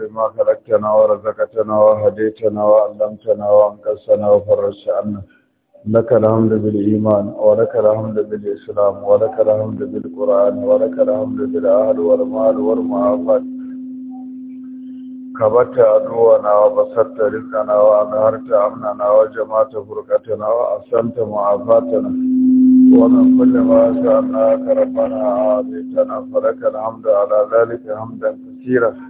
بما خلقتنا ورزقتنا وهديتنا وعلمتنا وانقذتنا وفرجت عنا لك الحمد بالإيمان ولك الحمد بالإسلام ولك الحمد بالقرآن ولك الحمد بالأهل والمال والمعافات كبت عدونا وبسطت رزقنا وأظهرت أمننا وجمعت فرقتنا وأحسنت معافاتنا ومن كل ما سألناك ربنا عافيتنا فلك الحمد على ذلك حمدا كثيرا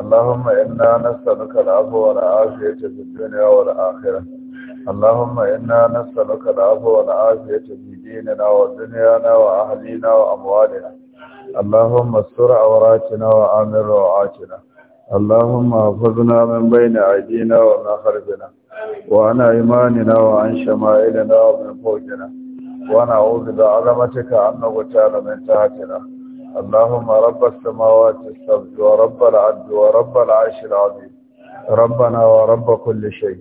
اللهم إنا نسألك العفو والعافية في الدنيا والآخرة اللهم إنا نسألك العفو والعافية في ديننا ودنيانا وأهلينا وأموالنا اللهم استر عوراتنا وآمن روعاتنا اللهم احفظنا من بين أيدينا ومن خلفنا وعن أيماننا وعن شمائلنا ومن فوقنا أعوذ بعظمتك أن نغتال من تحتنا اللهم رب السماوات السبع ورب العبد ورب العرش العظيم ربنا ورب كل شيء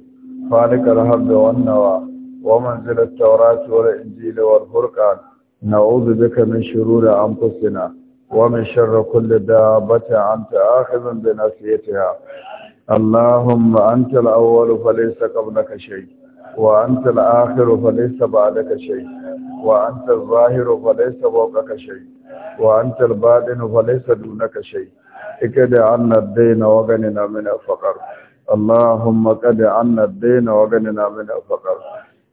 خالق الهب والنوى ومنزل التوراة والإنجيل والفرقان نعوذ بك من شرور أنفسنا ومن شر كل دابة أنت آخذ بناسيتها اللهم أنت الأول فليس قبلك شيء وأنت الآخر فليس بعدك شيء وأنت الظاهر فليس فوقك شيء وأنت البادن فليس دونك شيء اكد عنا الدين وغننا من الفقر اللهم قد عنا الدين وغننا من الفقر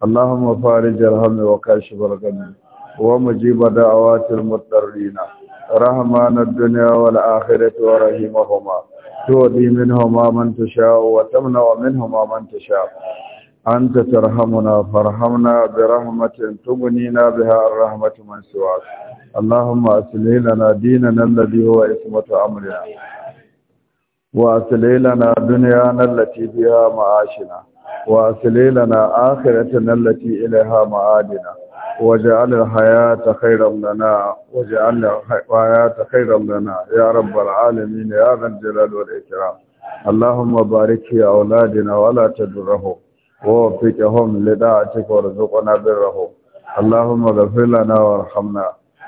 اللهم فارج الهم وكاشف الغم ومجيب دعوات المضطرين رحمان الدنيا والآخرة ورحمهما تودي منهما من تشاء وتمنع منهما من تشاء أنت ترحمنا فارحمنا برحمة تغنينا بها الرحمة من سواك اللهم أسلح لنا ديننا الذي هو عصمة أمرنا وأسلح لنا دنيانا التي بها معاشنا وأسلح لنا آخرتنا التي إليها معادنا وجعل الحياة خيرا لنا وجعل الحياة خيرا لنا يا رب العالمين يا ذا الجلال والإكرام اللهم بارك في أولادنا ولا تدرهم ووفقهم لدعتك وارزقنا برهم اللهم اغفر لنا وارحمنا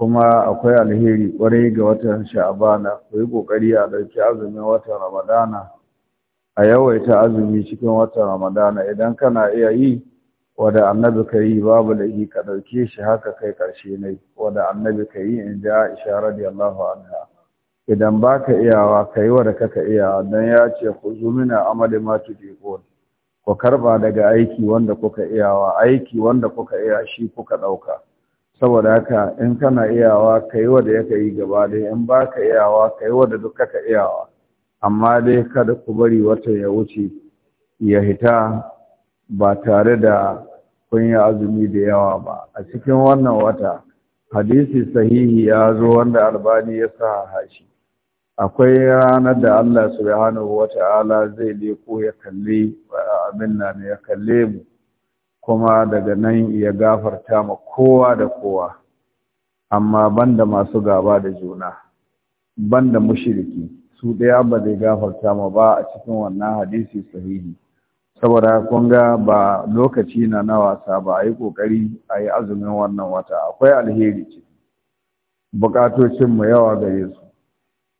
kuma akwai alheri kwarai ga watan sha'abana ku yi ƙoƙari a ɗauki azumin watan ramadana a yawaita azumi cikin watan ramadana idan kana iya yi wada annabi ka yi babu yi ka ɗauke shi haka kai ƙarshe ne wada annabi ka yi in ja isha radiyallahu anha idan ba ka iyawa ka yi wada kaka iya don ya ce ku zumina amali ma tudiqun ku karba daga aiki wanda kuka iyawa aiki wanda kuka iya shi kuka ɗauka saboda haka in kana iyawa ka yi wadda ya yi gaba da in ba ka iyawa ka yi wadda duka ka iyawa amma dai kada ku bari wata ya wuce ya hita ba tare da kun yi azumi da yawa ba a cikin wannan wata hadisi sahihi ya zo wanda albani ya sa hashi akwai ranar da Allah subhanahu wata'ala zai leko ya kalli abin nan ya kalle mu kuma daga nan ya gafarta ma kowa da kowa amma banda masu gaba da juna banda mushiriki su ɗaya ba zai gafarta ma ba a cikin wannan hadisi sahihi saboda kun ga ba lokaci na na wasa ba a yi ƙoƙari a yi azumin wannan wata akwai alheri ce mu yawa gare su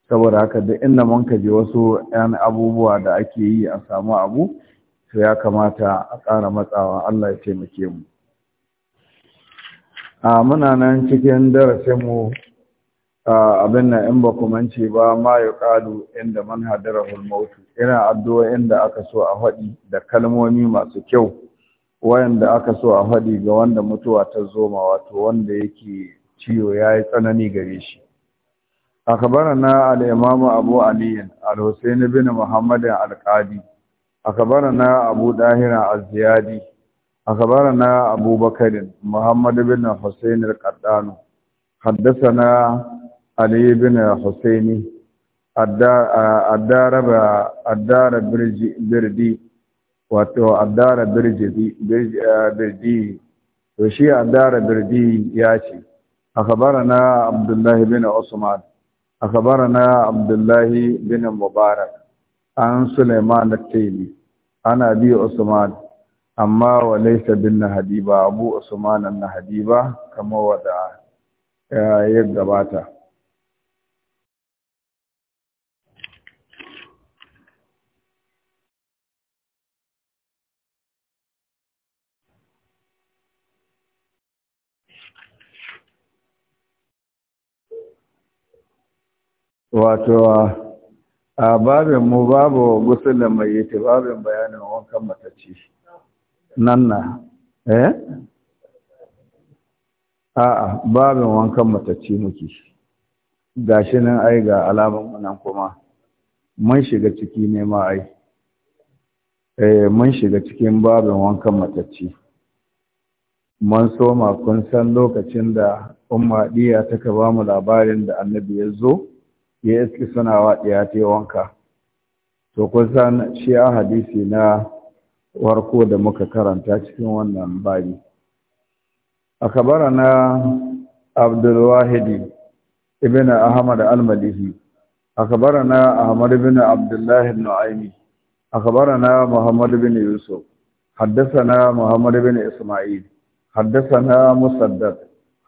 saboda haka da inda mun ka je wasu 'yan abubuwa da ake yi a samu abu to ya kamata a ƙara matsawa Allah ya taimake mu a muna nan cikin darasinmu abin na in ba kumanci ba ma ya ƙalu inda man hadara hulmautu ina addu'a inda aka so a faɗi da kalmomi masu kyau wayanda aka so a haɗi ga wanda mutuwa ta zoma wato wanda yake ciwo ya yi tsanani gare shi A kabarana abu aliyu, أبو علي bin بن Al-qadi. أخبرنا أبو داهر الزيادي أخبرنا أبو بكر محمد بن حسين القطان حدثنا علي بن حسين الدار الدار بردي wato addara birji to shi addara birji ya ce akabarana abdullahi bin usman akabarana abdullahi bin mubarak an Sulaiman da taimi ana biyu Usman amma wa laysa bin Nahdi ba Abu Usman an-Nahdi ba kama wada ya gabata wato a babin mu babu da mai yi babin bayanin wankan matacci nan na eh a'a babin wankan matacci muke gashi nan ai ga alaman nan kuma mun shiga ciki ne ma ai eh mun shiga cikin babin wankan matacci mun soma kun san lokacin da umma diya ta ka ba mu labarin da annabi ya zo ya iske wa ɗaya ta wanka to kun san shi a hadisi na warko da muka karanta cikin wannan bari a kabara na Abdullahi ibn ahmad almadihi a kabara na ahmad ibn abdullah nu'aimi a kabara na muhammad bin yusuf haddasana muhammad bin isma'il haddasana musaddad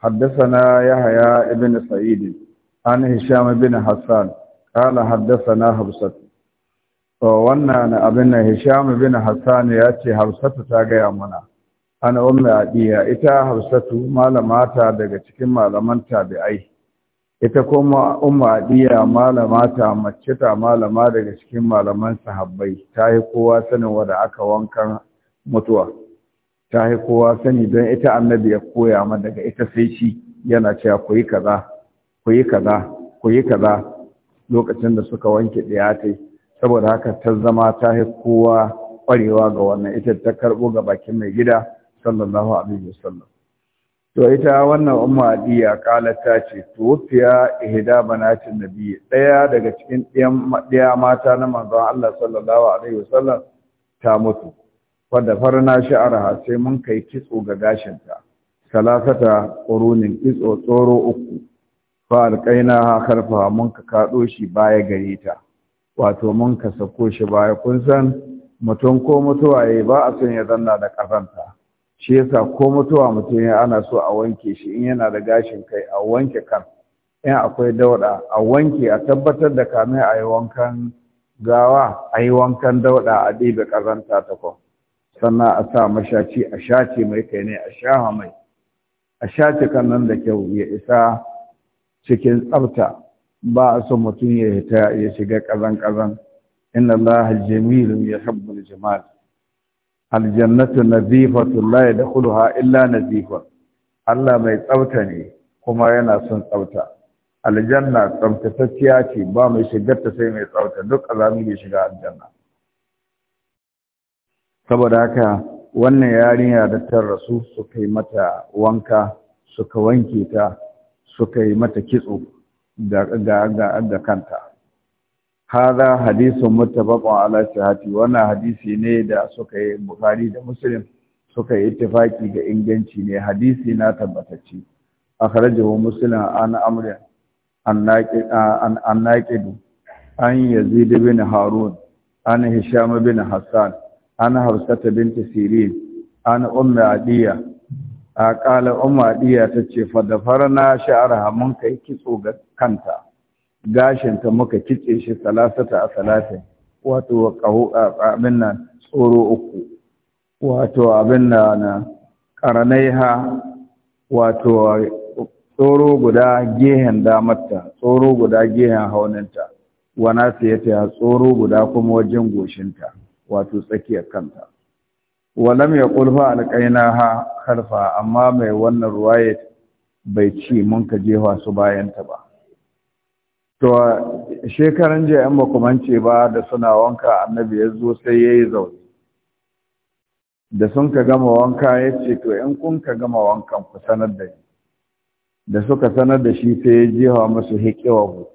haddasana yahaya ibn sa'idin an hisham bin hassan qala haddathana hafsat to wannan abin nan hisham bin hassan ya ce hafsatu ta gaya mana ana ummi adiya ita hafsatu malamata daga cikin malaman tabi'ai ita kuma ummi adiya malamata mace ta malama daga cikin malaman sahabai, ta yi kowa sanin wanda aka wankan mutuwa ta yi kowa sani don ita annabi ya koya ma daga ita sai shi yana cewa ku yi kaza ku yi kaza ku yi kaza lokacin da suka wanke yi. saboda haka ta zama ta yi kowa ƙwarewa ga wannan ita ta karɓo ga bakin mai gida sallallahu alaihi wasallam to ita wannan umma adiya kala ta ce tuwfiya ihda banatin nabi ɗaya daga cikin ɗaya mata na manzo Allah sallallahu alaihi wasallam ta mutu wadda farna sha'arha sai mun kai kitso ga gashinta salasata qurunin kitso tsoro uku na alƙaina karfa mun ka kaɗo shi baya gare ta wato mun ka sako shi baya kun san mutum ko mutuwa ya ba a son ya zanna da ƙazanta shi yasa ko mutuwa mutum ya ana so a wanke shi in yana da gashin kai a wanke kan in akwai dauɗa a wanke a tabbatar da kame a yi wankan gawa a yi wankan dauɗa a ɗebe ƙazanta ta kwan sannan a sa mashaci a shace mai kai ne a sha mai a shace kan nan da kyau ya isa cikin tsafta ba a son mutum ya hita ya shiga ƙazan-ƙazan inna Allah jamilun ya habbul jamal aljannatu nazifatu la yadkhuluha illa nazifun Allah mai tsabta ne kuma yana son tsafta aljanna tsaftatacciya ce ba mai shigar ta sai mai tsafta duk azami ya shiga aljanna saboda haka wannan yarinya da ta rasu suka yi mata wanka suka wanke ta suka yi mata kitso ga kanta hada hadisun muttafaqun ala sihhati wannan hadisi ne da suka yi bukhari da muslim suka yi ittifaki ga inganci ne hadisi na tabbatacce akhrajahu muslim an amr an naƙidu, an yazid bin harun an hisham bin hassan an harsata bint sirin an ummi adiya a ƙala umariya ta ce fadafar na sha'ar ka yi kitso ga kanta gashinta muka kitse shi salasata a salatin wato wa abin nan tsoro uku wato abin da na ƙaranai ha wato tsoro guda gehen damarta tsoro guda gehen hauninta wana fiye ya tsoro guda kuma wajen goshinta wato tsakiyar kanta walam ya kulfa alƙainaha kalfa amma mai wannan ruwayat bai ci mun ka jefa su bayanta ba to shekaran jiya in ba kumance ba da suna wanka annabi ya zo sai ya yi zaune da sun ka gama wanka ya ce to in kun ka gama wankan ku sanar da ni da suka sanar da shi sai ya jefa musu hikiwa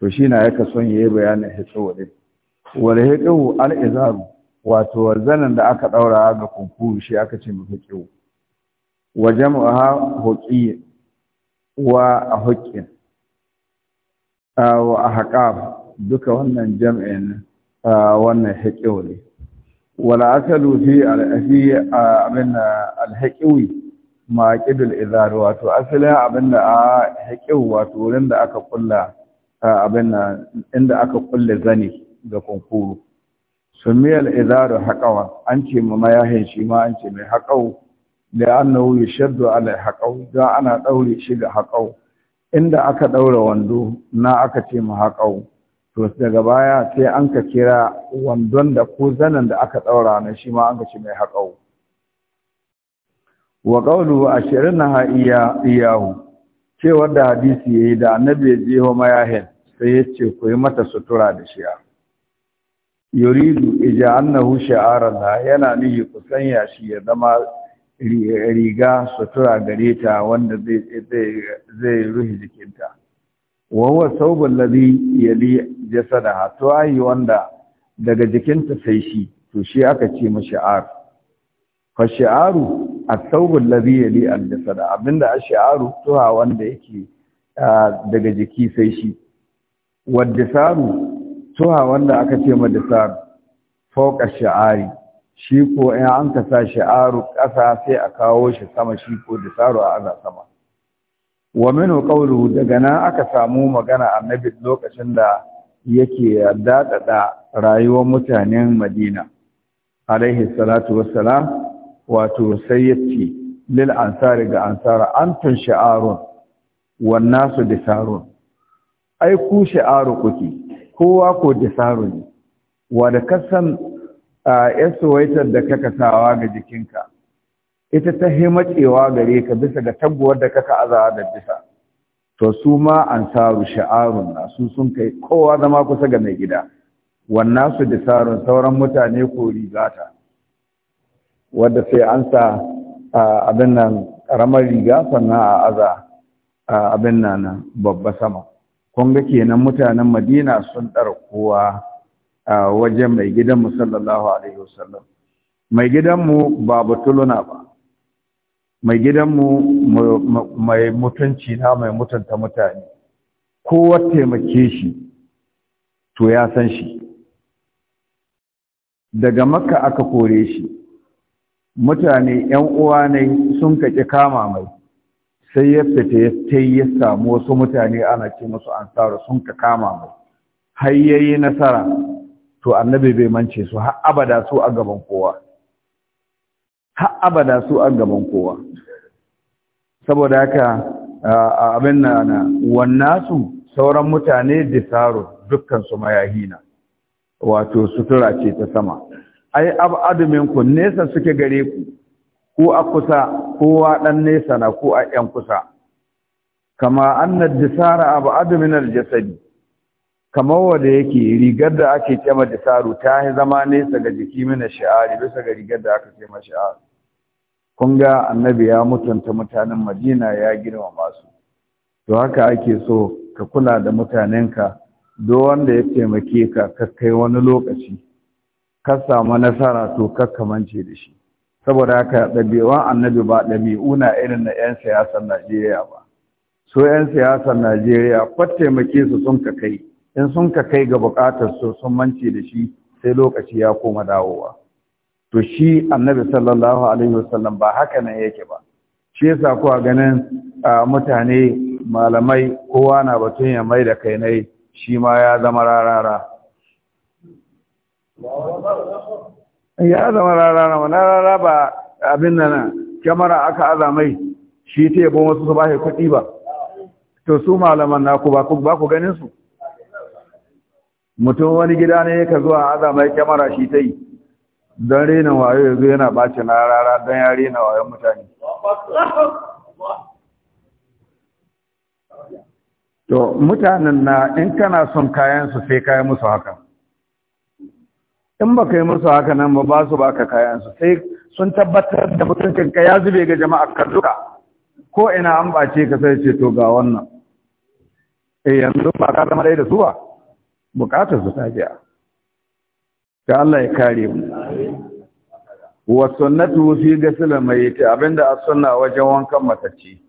to shi na yaka son ya yi bayanin hikiwa ɗin wal hikiwa al'izaru wato zanen da aka ɗaura ga kunku shi aka ce mafiƙiyu wa jam'aha huƙi wa a hoƙi, wa a haƙaf duka wannan jam'in wannan haƙiyu ne wala asalu fi al'afi abin alhaƙiwi ma ƙidul izar wato asalin abin da a haƙiyu wato wurin da aka kulla abin inda aka kulle zane ga kunkuru sumiyal izaru haƙawa an ce ma mayahin shi ma an ce mai haƙau da annahu shaddu ala haƙau don ana ɗaure shi ga haƙau inda aka ɗaure wando na aka ce ma haƙau to daga baya sai an ka kira wandon da ko zanen da aka ɗaura na shi ma an ka ce mai haƙau wa a ashirin na iyahu cewar da hadisi ya yi da annabi ya je wa mayahin sai ya ce ku yi mata sutura da shi'a yuridu ija'annahu sha'arana yana nihi kusanya shi ya zama riga sutura gare ta wanda zai ruhi jikinta wa huwa thawbul ladhi yali jasadaha to ayi wanda daga jikinta sai shi to shi aka ce mu sha'ar fa sha'aru at-thawbul ladhi yali al-jasada abinda ash-sha'aru tuha wanda yake ah, daga jiki sai shi wadda saru tuha wanda aka ce ma disar fauka sha'ari shi ko in an ka sa sha'aru ƙasa sai a kawo shi sama shi ko disaru a aza sama wa minu qawluhu daga nan aka samu magana annabi lokacin da yake dadada rayuwar mutanen Madina alaihi salatu wassalam wato sai yace lil ansari ga ansara antun sha'arun wan nasu disarun ai ku sha'aru kuke kowa ko disaru ne wanda kasan 'yar suwaitar da kaka sawa ga jikinka ita ta himacewa gare ka bisa ga taguwar da kaka azawa da bisa to su ma ansaru sha'arun nasu sun kai kowa zama kusa ga mai gida wannan su disarun sauran mutane ko rigata wadda sai an sa abin nan ƙaramar riga sannan a aza abin nan babba sama kun kenan mutanen madina sun ɗara kowa a wajen mai gidanmu sallallahu alaihi wasallam mai gidanmu ba batuluna ba mai gidanmu mai mutunci na mai mutunta mutane kowa taimake shi to ya san shi daga makka aka kore shi mutane ‘yan uwa ne sun kaƙi kama mai sai ya fita ya tai ya samu wasu mutane ana ce musu ansaru sun ka kama mu har yi nasara to annabi bai mance su har abada su a gaban kowa har abada su a gaban kowa saboda haka abin na na su sauran mutane da disaru dukkan su mayahina wato sutura ce ta sama ai abadu minku nesa suke gare ku ko a kusa kowa ɗan nesa na ko a ‘yan kusa kama annad disara abu aduminar jasadi kamar wanda yake rigar da ake kema disaru ta yi zama nesa ga jiki mina sha'ari bisa ga rigar da aka kema sha'ari kun ga annabi ya mutunta mutanen madina ya girma masu to haka ake so ka kula da mutanenka do wanda ya taimake ka ka kai wani lokaci ka samu nasara to ka kamance da shi saboda haka ɗabi'un annabi ba ɗabi'u na irin na 'yan siyasar najeriya ba so 'yan siyasar najeriya taimake su sun ka kai in sun ka kai ga buƙatar su sun manci da shi sai lokaci ya koma dawowa to shi annabi sallallahu alaihi wasallam ba haka nan yake ba shi yasa kuwa ganin mutane malamai kowa na batun ya mai da kainai shi ma ya zama rarara ya zama rarara wa rarara ba abin nan kyamara aka azamai shi ta yabo wasu su ba shi kuɗi ba to su malaman naku ba ku ba ku ganin su mutum wani gida ne ka zuwa azamai kyamara shi ta yi don rena wayo ya zo yana ɓace na rara don ya rena wayon mutane to mutanen na in kana son kayan su sai kayan musu haka in ba ka yi musu haka nan ba ba su baka kayansu sai sun tabbatar da mutuncin ka ya zube ga jama'a ka duka ko ina an bace ka sai ce to ga wannan eh yanzu ba ka zama dai da su ba bukatar su ta biya ga Allah ya kare mu wa sunnatu fi ghusl mayyit abinda as sunna wajen wankan matacci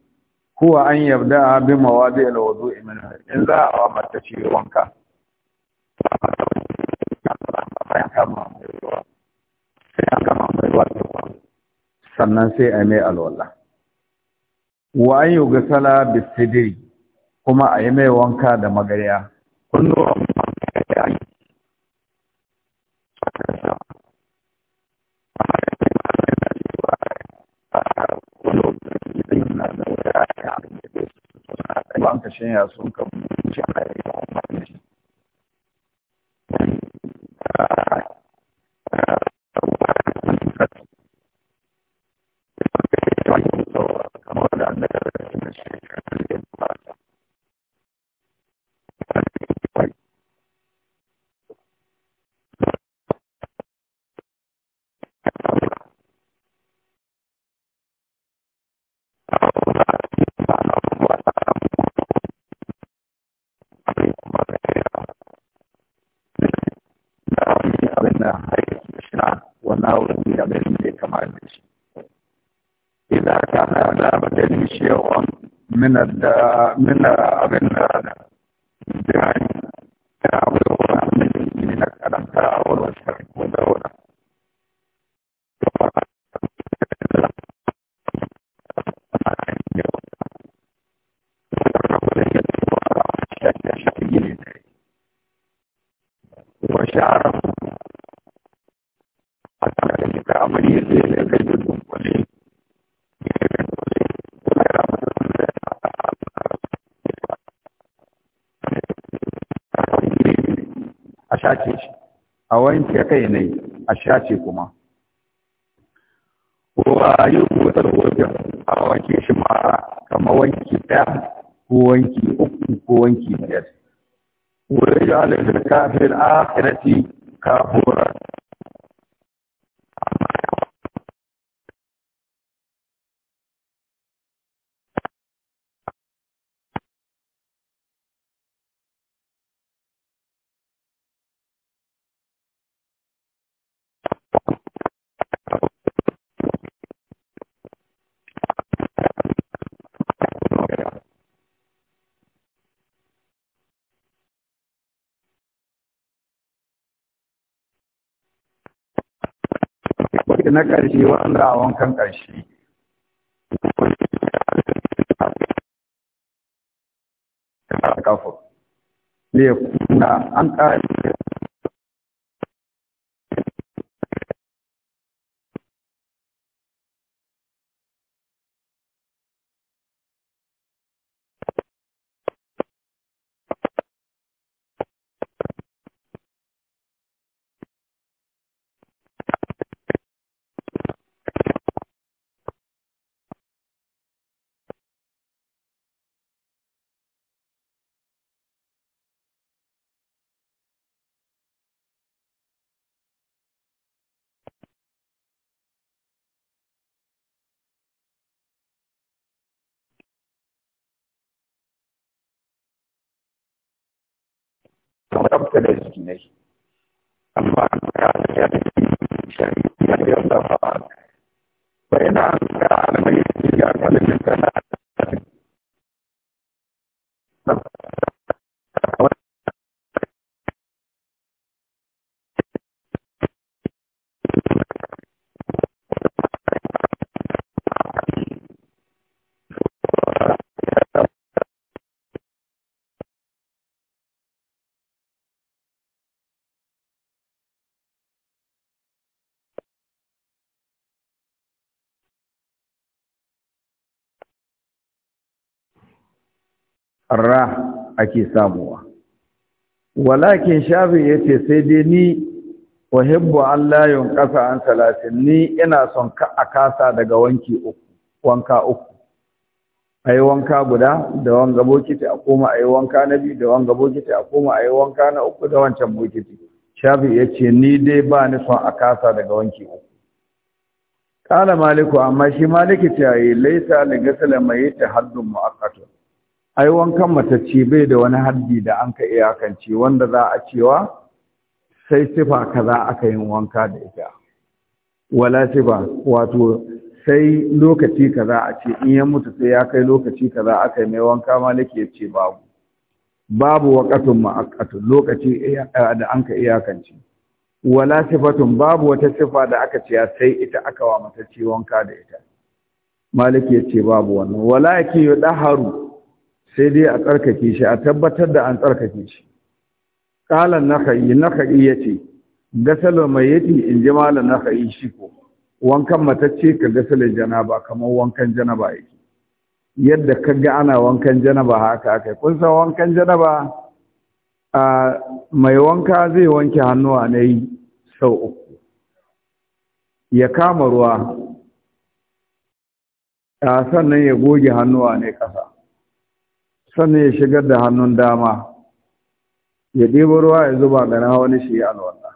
huwa an yabda bi mawadi'il wudu'i min in za a matacci wanka kama mai ruwa sai kama mai ruwa sannan sai a mai alwala wa an yi gasala bisidiri kuma a yi mai wanka da magariya kunnuwan magariya ne kashin ya sun min abin da kai ne a shace kuma wa yi hutar wajen a wanke shi ma kama wanki ɗaya ko wanki uku ko wanki biyar wa ya ji kafin akhirati kafin na ƙarshe wanda a wankan ƙarshe kafur ne an ƙari tsabta da jiki na amma an ya da shari'a ya da ba yana an ka alamai ya ga ra ake samuwa walakin shafi ya ce sai dai ni wahibbu Allah yun kasa an talatin ni ina son ka a kasa daga wanki uku wanka uku a yi wanka guda da wanga bokiti a koma a yi wanka na biyu da wanga bokiti a koma a yi wanka na uku da wancan bokiti shafi ya ce ni dai ba ni son a kasa daga wanki uku kala maliku amma shi maliki ta yi laisa da gasala mai ta haddun mu'akkatun ai wankan matacce bai da wani haddi da an ka iyakance wanda za a cewa sai sifa kaza aka yin wanka da ita wala sifa wato sai lokaci kaza a ce in ya mutu sai ya kai lokaci kaza aka yi mai wanka maliki ya ce babu babu waƙatun ma'aƙatun lokaci da an ka iyakance wala sifatun babu wata sifa da aka ce sai ita aka wa matacce wanka da ita maliki ya ce babu wannan wala yake yi Haru? sai dai a tsarkake shi a tabbatar da an tsarkake shi ƙalan naka'i naka'i ya ce gasala mai yati in ji na naka'i shi ko wankan matacce ka gasalo janaba kamar wankan janaba yake yadda ka ga ana wankan janaba haka aka kun san wankan janaba a mai wanka zai wanke hannuwa na yi sau uku ya kama ruwa sannan ya goge hannuwa ne ƙasa sannan ya shigar da hannun dama ya ɗebo ruwa ya zuba ga na wani shi alwallah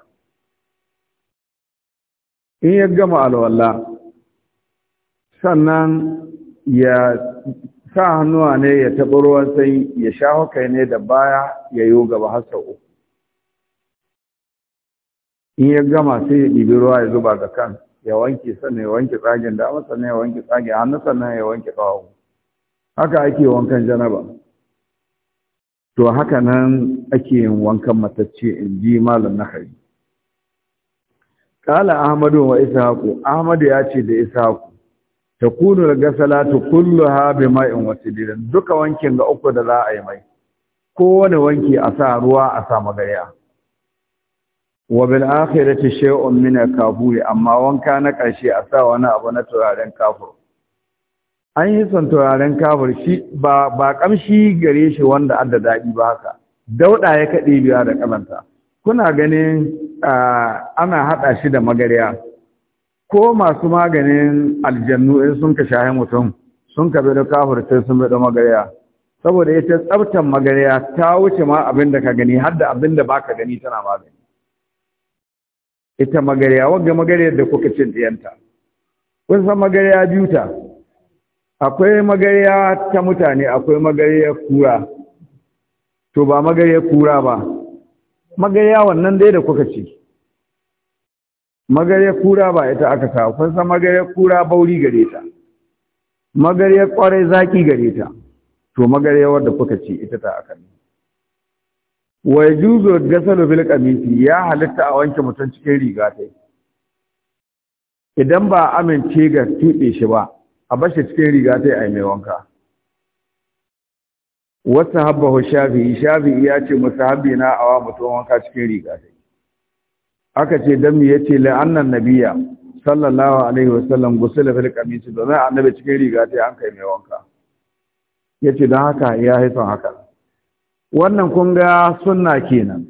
in ya gama alwallah sannan ya sa hannuwa ne ya taɓa ruwan sai ya sha hukai ne da baya ya yi gaba har sau uku in ya gama sai ya ɗibi ruwa ya zuba ga kan ya wanke sannan ya wanke tsagen dama sannan ya wanke tsagen hannu sannan ya wanke ƙawo haka ake wankan janaba to haka nan ake yin wankan matacce in ji malam na hari kala ahmadu wa ishaqu ahmadu ya ce da ishaqu takunu ga salatu kulluha bima'in wa sidrin duka wankin ga uku da za a yi mai Ko wani wanki a sa ruwa a sa magariya wa bil akhirati shay'un min al-kafuri amma wanka na karshe a sa wani abu na turaren kafur an yi son turaren kabar shi ba ba kamshi gare shi wanda an da daɗi ba haka dauɗa ya kaɗe biya da ƙananta kuna ganin ana haɗa shi da magarya ko masu maganin aljannu in sun ka shahi mutum sun ka bi da kafar sai sun bi da magarya saboda ita tsabtan magarya ta wuce ma abin da ka gani har da abin da baka gani tana magani ita magarya wanga magarya da kuka cin diyanta kun san magarya biyu ta akwai magariya ta mutane akwai magariyar kura to ba magariyar kura ba magariya wannan dai da kuka ce. magariyar kura ba ita aka kawo kun san magariyar kura bauri gare ta magariyar kwarai zaki gare ta to magariyar wadda kuka ce ita ta aka ne wa yajuzu gasalu bil qamisi ya halitta a wanke mutum cikin riga ta idan ba amince ga tuɗe shi ba a bashi cikin riga ta yi mai wanka wata ho shafi'i shafi'i ya ce musahabi na awa mutum wanka cikin riga ta aka ce dan me yace la'annan Nabiya, sallallahu alaihi wasallam gusula fil qamis domin annabi cikin riga ta an kai mai wanka yace don haka ya haifan haka wannan kun ga sunna kenan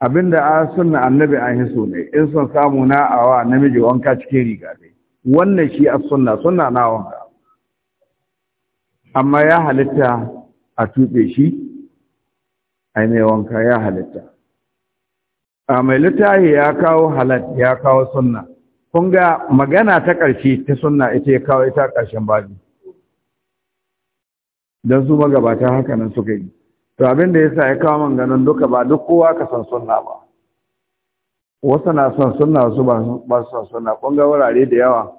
abinda a sunna annabi an hiso ne in son samu na awa namiji wanka cikin riga dai wannan shi a sunna suna nawa? amma ya halitta a tuɓe shi ai mai wanka ya halitta a mai littafi ya kawo halat ya kawo sunna kun ga magana ta ƙarshe ta sunna ita ya kawo ita ƙarshen baji don su magabata haka nan suka yi to abin da sa ya kawo manganin duka ba duk kowa ka san sunna ba wasu na son suna wasu ba su son sunna ƙunga wurare da yawa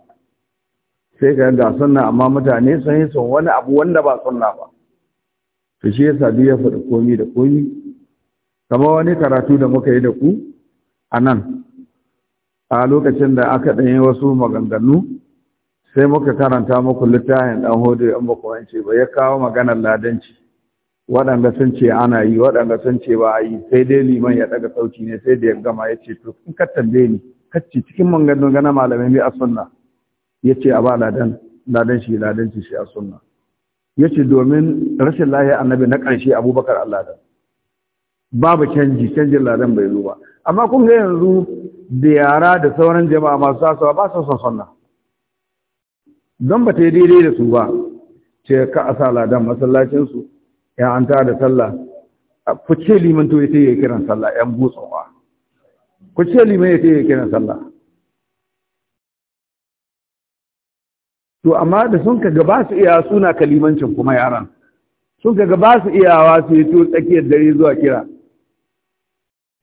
sai ka ga suna amma mutane sun yi son wani abu wanda ba suna ba su shi yasa duk ya faɗi komi da komi kamar wani karatu da muka yi da ku a nan a lokacin da aka ɗanyi wasu maganganu sai muka karanta muku littafin ɗan hodo in ba ba ya kawo maganar ladanci waɗanda sun ce ana yi waɗanda sun ce ba a yi sai dai liman ya ɗaga sauki ne sai da ya gama ya ce to in ka tambaye ni kacce cikin manganin gana malamai mai a sunna ya ce a ba ladan ladan shi ladan shi a sunna ya ce domin rashin lahiya annabi na ƙarshe abubakar allah da babu canji canjin ladan bai zo ba amma kun ga yanzu da yara da sauran jama'a masu sasawa ba su son sunna don ba ta yi daidai da su ba ce ka a sa ladan masallacinsu ya an ta da sallah ku ce liman to yace yake kiran sallah yan butsawa ku ce liman yace yake kiran sallah to amma da sun ka gaba su iya suna kalimancin kuma yaran sun ka gaba su iyawa su yi to tsakiyar dare zuwa kira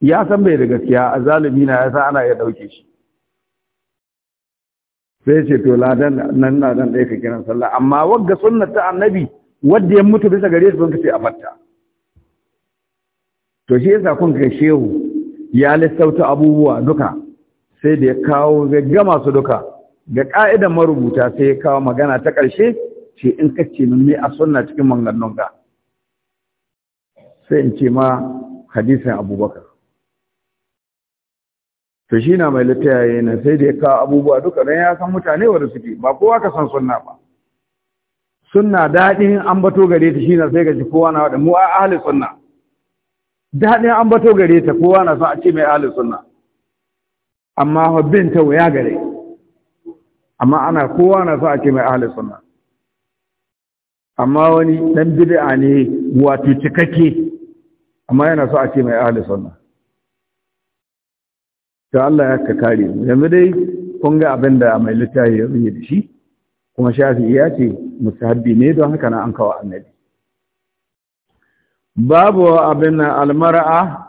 ya san bai da gaskiya a zalimi na ya ana ya dauke shi sai ce to ladan nan na dan ɗaya ka kiran sallah amma wagga sunnar annabi wadda ya mutu bisa gare su don kace a fatta to shi yasa kun ga shehu ya lissauta abubuwa duka sai da ya kawo ga gama su duka ga ƙa'idan marubuta sai ya kawo magana ta ƙarshe ce in kace min me a sunna cikin ga sai in ce ma hadisin abubakar to shi na mai littaya yana, sai da ya kawo abubuwa duka don ya san mutane wanda suke ba kowa ka san sunna ba sunna daɗin ambato gare ta shi na sai gaji kowa na waɗa mu a ahalin suna daɗin ambato gare ta kowa na sa a ce mai ahalin suna amma hobbin ta wuya gare amma ana kowa na sa a ce mai ahalin suna amma wani ɗan bid'a ne wato cikakke amma yana so a ce mai ahalin suna ta Allah ya ka kare mu yanzu dai kun ga abin da mai littafi ya rubuta da shi kuma shafi'i ya ce Habbi ne don haka na an kawo annabi babu abin almar'a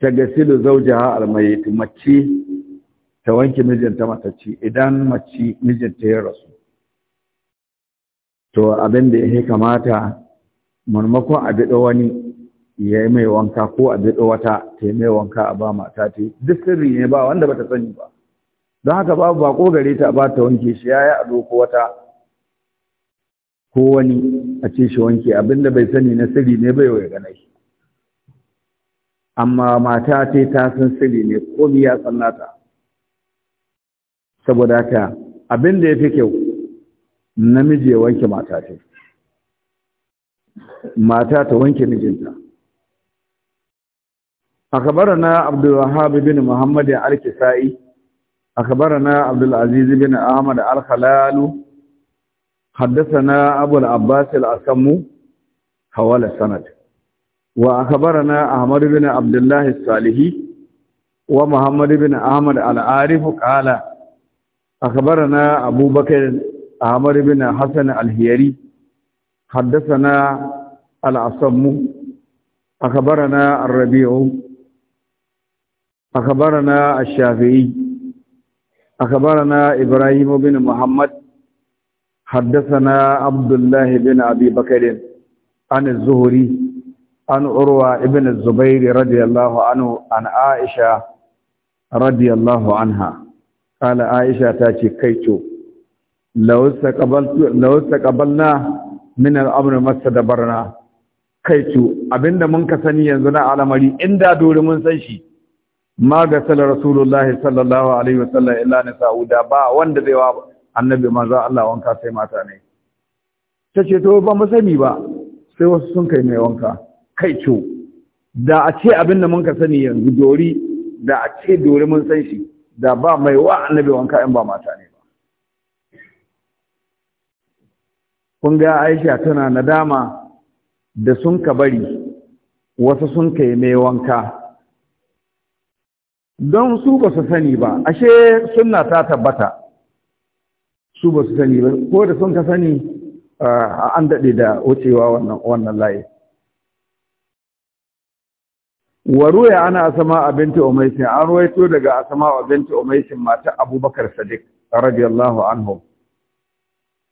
ta gasilu zaujaha ta mace ta wanke mijinta matacci idan mace mijinta ya rasu to abin da ya kamata marmakon a biɗo wani ya yi mai wanka ko a biɗo wata ta yi mai wanka a ba mata ta duk sirri ne ba wanda bata sani ba don haka babu bako gare ta ba ta wanke shi ya yi a doko wata ko wani a ce shi wanke abinda bai sani na sirri ne bai wa gane shi amma mata ta ta san sirri ne ko biya tsallata saboda haka abinda ya fi kyau namiji ya wanke mata ce mata ta wanke mijinta A na abdullahi bin muhammadin alkisa'i sa'i. أخبرنا عبد العزيز بن أحمد الخلال حدثنا أبو العباس الأسم حوال السند وأخبرنا أحمد بن عبد الله الصالحي ومحمد بن أحمد العارف قال أخبرنا أبو بكر أحمد بن حسن الهيري حدثنا العصم أخبرنا الربيع أخبرنا الشافعي أخبرنا إبراهيم بن محمد حدثنا عبد الله بن أبي بكر عن الزهري عن عروة بن الزبير رضي الله عنه عن عائشة رضي الله عنها قال عائشة تاتي كيتو لو استقبلت لو استقبلنا min al'amurin masu dabarna kai cu abinda mun ka sani yanzu na alamari inda dole mun san shi ma ga sallar rasulullahi sallallahu alaihi wasallam illa na sa'uda ba wanda zai wa annabi manzo Allah wanka sai mata ne tace to ba mu sani ba sai wasu sun kai mai wanka kai ciwo da a ce abin da mun ka sani yanzu dori da a ce dori mun san shi da ba mai wa annabi wanka in ba mata ne ba kun ga Aisha tana nadama da sun ka bari wasu sun kai mai wanka don su ba su sani ba ashe sunna ta tabbata su ba su sani ba ko da sun ka sani ah, an daɗe da wucewa wannan layi ya ana asama abinci umaisin an ruwaito daga asama abinci umaisin mata abubakar sadiq radiyallahu anhu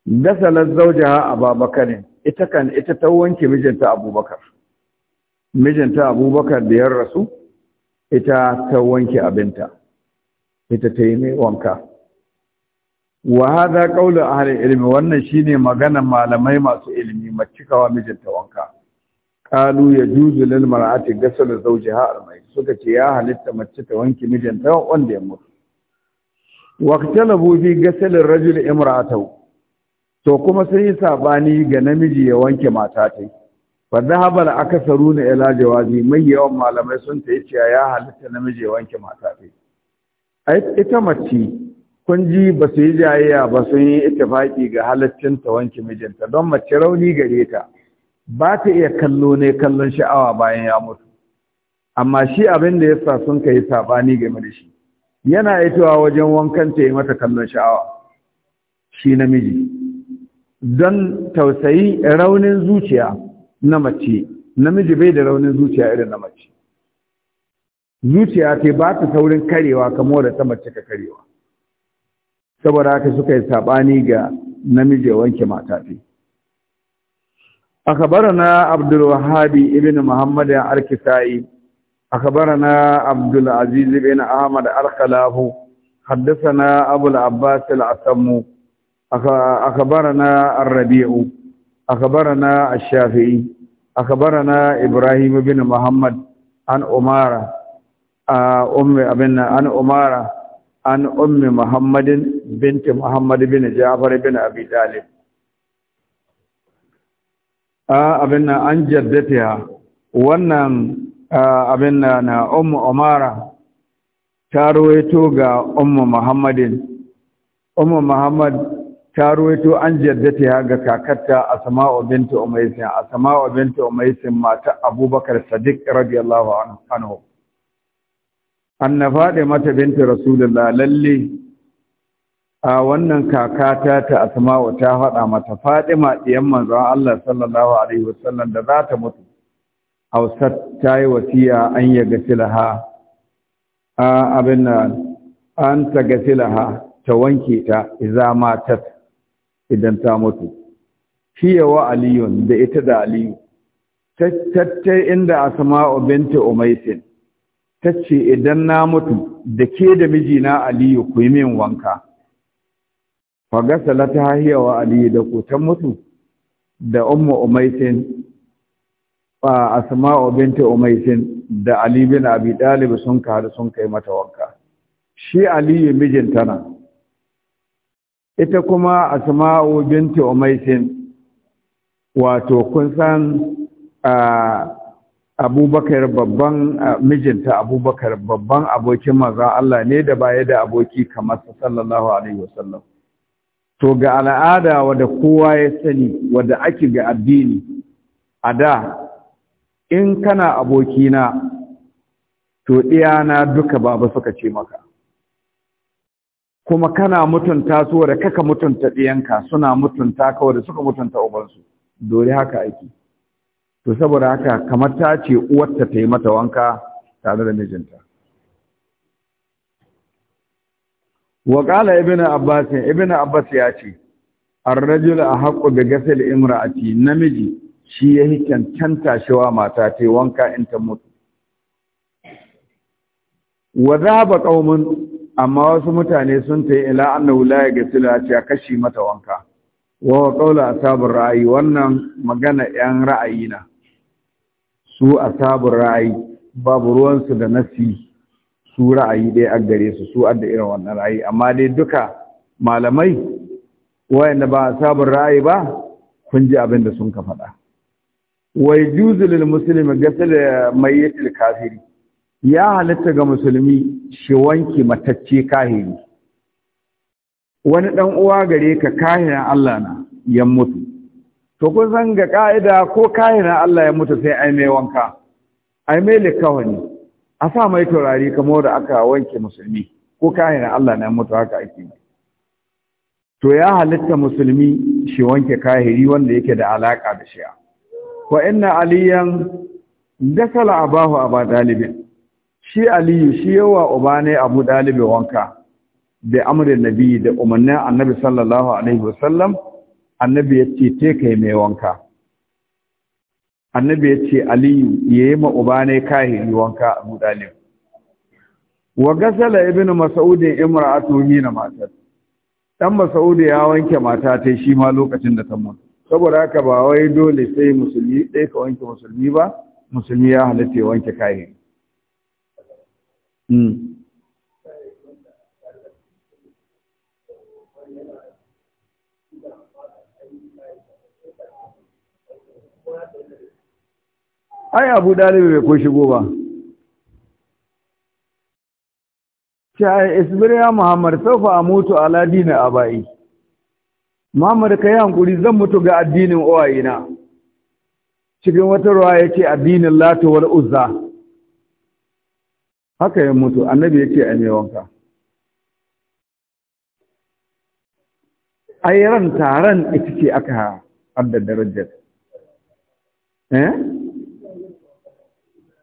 dasalar zaujaha ababakar ita kan ita ta wanke mijinta abubakar mijinta abubakar da ya rasu ita ta wanke abinta ita ta yi mai wanka wa hada qawlu ahli ilmi wannan shine magana malamai masu ilimi macikawa mijinta wanka qalu yajuzu lil mar'ati da zawjiha al mai, suka ce ya halitta mace ta wanke mijinta wanda ya mutu waqtalabu fi ghusl ar-rajul imra'atahu to kuma sai sabani ga namiji ya wanke mata tai da aka al-aktharuna ila jawazi mai yawan malamai sun ta ciya ya halitta namiji ya wanke mata ai ita mace kun ji ba su yi jayayya ba sun yi ittifaki ga halaccin ta wanke mijinta don mace rauni gare ta ba ta iya kallo ne kallon sha'awa bayan ya mutu amma shi abin da yasa sun ka yi sabani game da shi yana aitowa wajen wankan ta yi mata kallon sha'awa shi namiji don tausayi raunin zuciya na mace namiji bai da raunin zuciya irin na mace zuciya ce ba ta saurin karewa kamar da ta mace ka karewa saboda haka suka yi saɓani ga namiji wanke mata ce أخبرنا عبد الوهاب ابن محمد الكسائي أخبرنا عبد العزيز بن أحمد الخلاف حدثنا أبو العباس العسم أخبرنا الربيع أخبرنا الشافعي أخبرنا إبراهيم بن محمد عن أمارة أم أبنا عن أمارة عن أم محمد بنت محمد بن جعفر بن أبي طالب أبنا عن جدتها وأن أبنا na ummu umara ta ruwaito أم محمد muhammadin ummu ta ruwaito an jaddata ga kakarta asma'u bintu umaysin asma'u bintu umaysin mata abubakar sadiq radiyallahu anhu anna mata bintu rasulullah lalle a wannan kakata ta asma'u ta faɗa mata fadima diyan manzon Allah sallallahu alaihi wasallam da za ta mutu hausat ta yi wasiya an ya gasilaha a abin nan an ta gasilaha ta wanke ta iza matat idan ta mutu hiyawa aliyun da ita da aliyu tattai inda asma'u binti umaisin tace idan na mutu da ke da mijina aliyu ku yi min wanka fagasala ta hiyawa aliyu da ta mutu da ummu umaisin ba asma'u binti umaisin da ali bin abi dalib sun ka sun kai mata wanka shi aliyu mijin tana ita kuma asma'u binti umaisin wato kun san abubakar babban mijinta abubakar babban abokin maza Allah ne da baya da aboki kamar sallallahu alaihi wasallam to ga al'ada wadda kowa ya sani wadda ake ga addini a da in kana abokina to ɗiyana duka baba suka ce maka kuma kana mutunta su da kaka mutunta ɗiyanka suna mutunta kawai da suka mutunta ubansu dole haka aiki to saboda haka kamar ta ce uwarta ta yi mata wanka tare da mijinta wa qala ibnu abbas ibnu abbas ya ce ar rajul ahqqu bi ghasl imra'ati namiji shi ya cancanta shawa mata ta wanka in ta mutu wa dhahaba qaumun amma wasu mutane sun ta ila annahu la yaghsilu ce a kashi mata wanka wa qawla asabur ra'ayi wannan magana yan ra'ayi na su asabur ra'ayi babu ruwansu da nasi su ra'ayi dai a gare su su adda irin wannan ra'ayi amma dai duka malamai wayanda ba asabur ra'ayi ba kun ji abin da sun ka faɗa wai juzulil muslimi da mayyitil kafiri ya halitta ga musulmi shi wanki matacce kahiri wani ɗan uwa gare ka kahirin Allah na ya mutu to kun san ga ka'ida ko kahirin Allah ya mutu sai ai mai wanka ai mai likawani a sa mai taurari kamar da aka wanke musulmi ko kahirin Allah na mutu haka ake to ya halitta musulmi shi wanke kahiri wanda yake da alaka da shi'a wa inna aliyan dakala abahu ba shi aliyu shi yawa uba ne abu dalibi wanka da amurin nabi da umarnin annabi sallallahu alaihi wasallam annabi ya ce teka yi mai wanka annabi ya ce aliyu ya yi ma uba ne yi wanka abu dalibi wa gasala ibnu a imra'atu na matar. dan mas'ud ya wanke mata ta shi ma lokacin da ta mutu saboda haka ba wai dole sai musulmi dai ka wanke musulmi ba musulmi ya halatta ya wanke kayan Hmm. ai abu dalibi bai ko shigo ba sha'ai isbiriya muhammad saufa a mutu a ladina a ba'i muhammad ka yi hankuri zan mutu ga addinin uwayena cikin wata ruwa ya ce addinin latuwar uzza haka ya mutu annabi ya ce a mai wanka ai ran taron ita ce aka adda darajar eh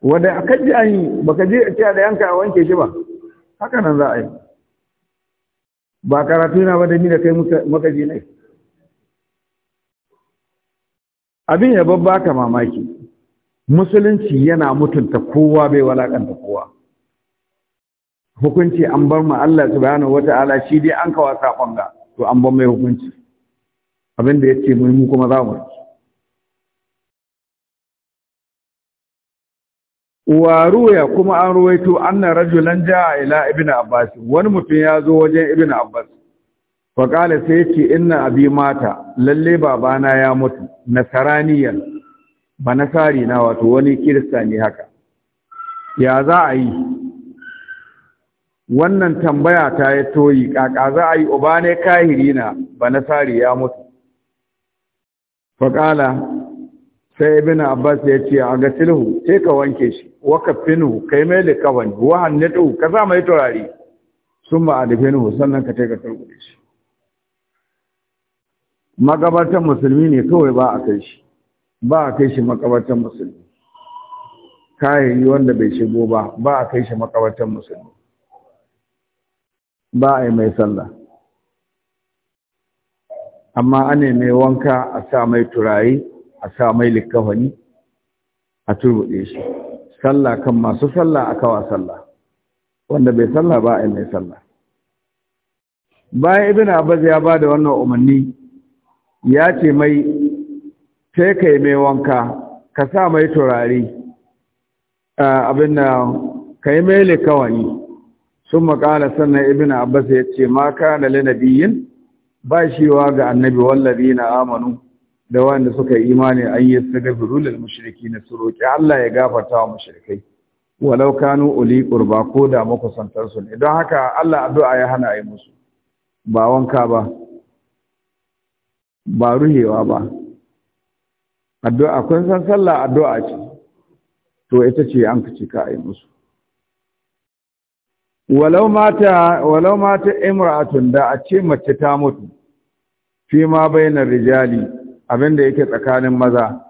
wadda a ji an yi baka je a ce da yanka a wanke shi ba haka nan za a yi ba karatu na ba da ni da kai makaji ne abin ya babba ka mamaki musulunci yana mutunta kowa bai walakanta kowa hukunci an bar mu Allah subhanahu wata'ala shi dai an kawo sakon ga to an bar mai hukunci abin da yake mu mu kuma za mu wa ruya kuma an ruwaito anna rajulan jaa ila ibn abbas wani mutum ya zo wajen ibn abbas fa kala sai yace inna abi mata lalle babana ya mutu nasaraniyan ba nasari na wato wani kirista ne haka ya za a yi wannan tambaya ta yi toyi ƙaƙa za a yi uba ne kahiri na ba nasari ya mutu faƙala sai ibn abbas ya ce a ga silhu sai ka wanke shi ka finu kai mai da kawan wahan na ka sa mai turare sun ba a da nuhu sannan ka ka turkure shi makabartar musulmi ne kawai ba a kai shi ba a kai shi makabartar musulmi kayayi wanda bai shigo ba ba a kai shi makabartar musulmi ba a yi mai sallah amma an mai wanka a sa mai turayi a sa mai likafani a turbuɗe shi sallah kan masu sallah a kawa sallah wanda bai sallah ba a yi mai sallah bayan ibn abbas ya ba da wannan umarni ya ce mai sai ka yi mai wanka ka sa mai turari abin da ka yi mai likawani sun maƙala sannan ibn abbas ya ce ma kana li yin. ba shiwa ga annabi wallazi na amanu da wanda suka yi imani an yi sagabiru lil mushriki na su roƙi Allah ya gafata wa mushrikai walau kanu uli qurba ko da makusantar su ne don haka Allah addu'a ya hana yi musu ba wanka ba ba ruhewa ba addu'a kun sallah addu'a ce to ita ce an kace ka yi musu walau mata walau mata imra'atun da a ce mace ta mutu fi ma bainar rijali abinda yake tsakanin maza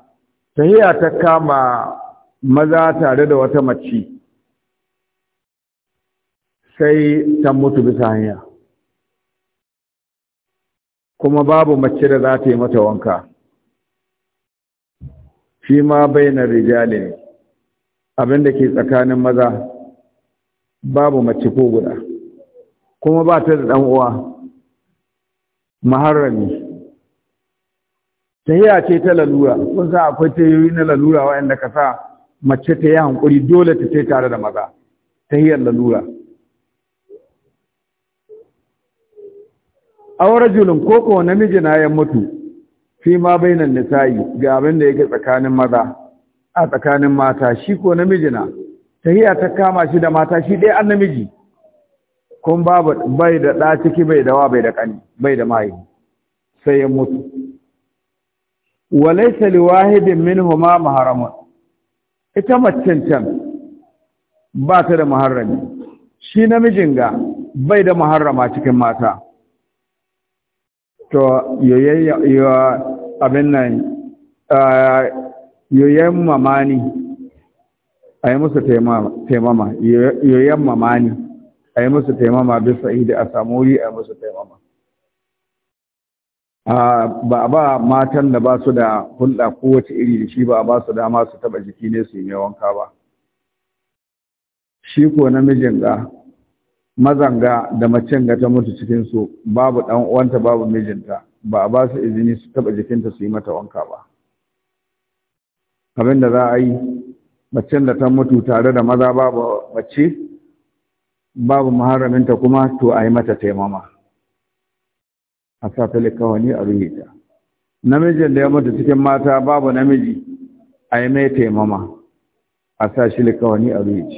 tahiya ta kama maza tare da wata mace sai ta mutu bisa hanya kuma babu mace da za ta yi mata wanka fi ma bainar rijali abinda ke tsakanin maza babu mace ko guda kuma ba ta da ɗan uwa maharrami tahiya ce ta lalura kun sa akwai tayoyi na lalura waɗanda ka sa mace ta yi hankuri dole ta ce tare da maza tahiyar lalura awar julin koko namiji na ya mutu fi ma bainan nisa'i ga abin da yake tsakanin maza a tsakanin mata shi ko namiji na tahiya ta kama shi da mata shi ɗaya an namiji kun babu bai da ɗa ciki bai da wa bai da ƙani bai da mayu sai ya mutu wahidin min minhuma maharamun ita macen can ba ta da maharami. shi namijin ga bai da maharama cikin mata to yoyayya abin nan ah, yoyayyan mamani a yi musu taimama yoyon mamani a yi musu taimama bisa idi a samu wuri a yi musu taimama ba ba matan da ba su da hulɗa kowace iri da shi ba ba su dama su taɓa jiki ne su yi mai wanka ba shi ko namijin ga mazanga da macen ga ta mutu cikin su babu ɗan uwanta babu mijinta ba a ba su izini su taɓa jikinta su yi mata wanka ba abin da za a yi Baccen da ta mutu tare da maza babu bacci, babu maharaminta kuma to a yi mata taimama a sa ta likawani a ruhita namijin da ya mutu cikin mata babu namiji a yi mai taimama a sa shi likawani a ruhici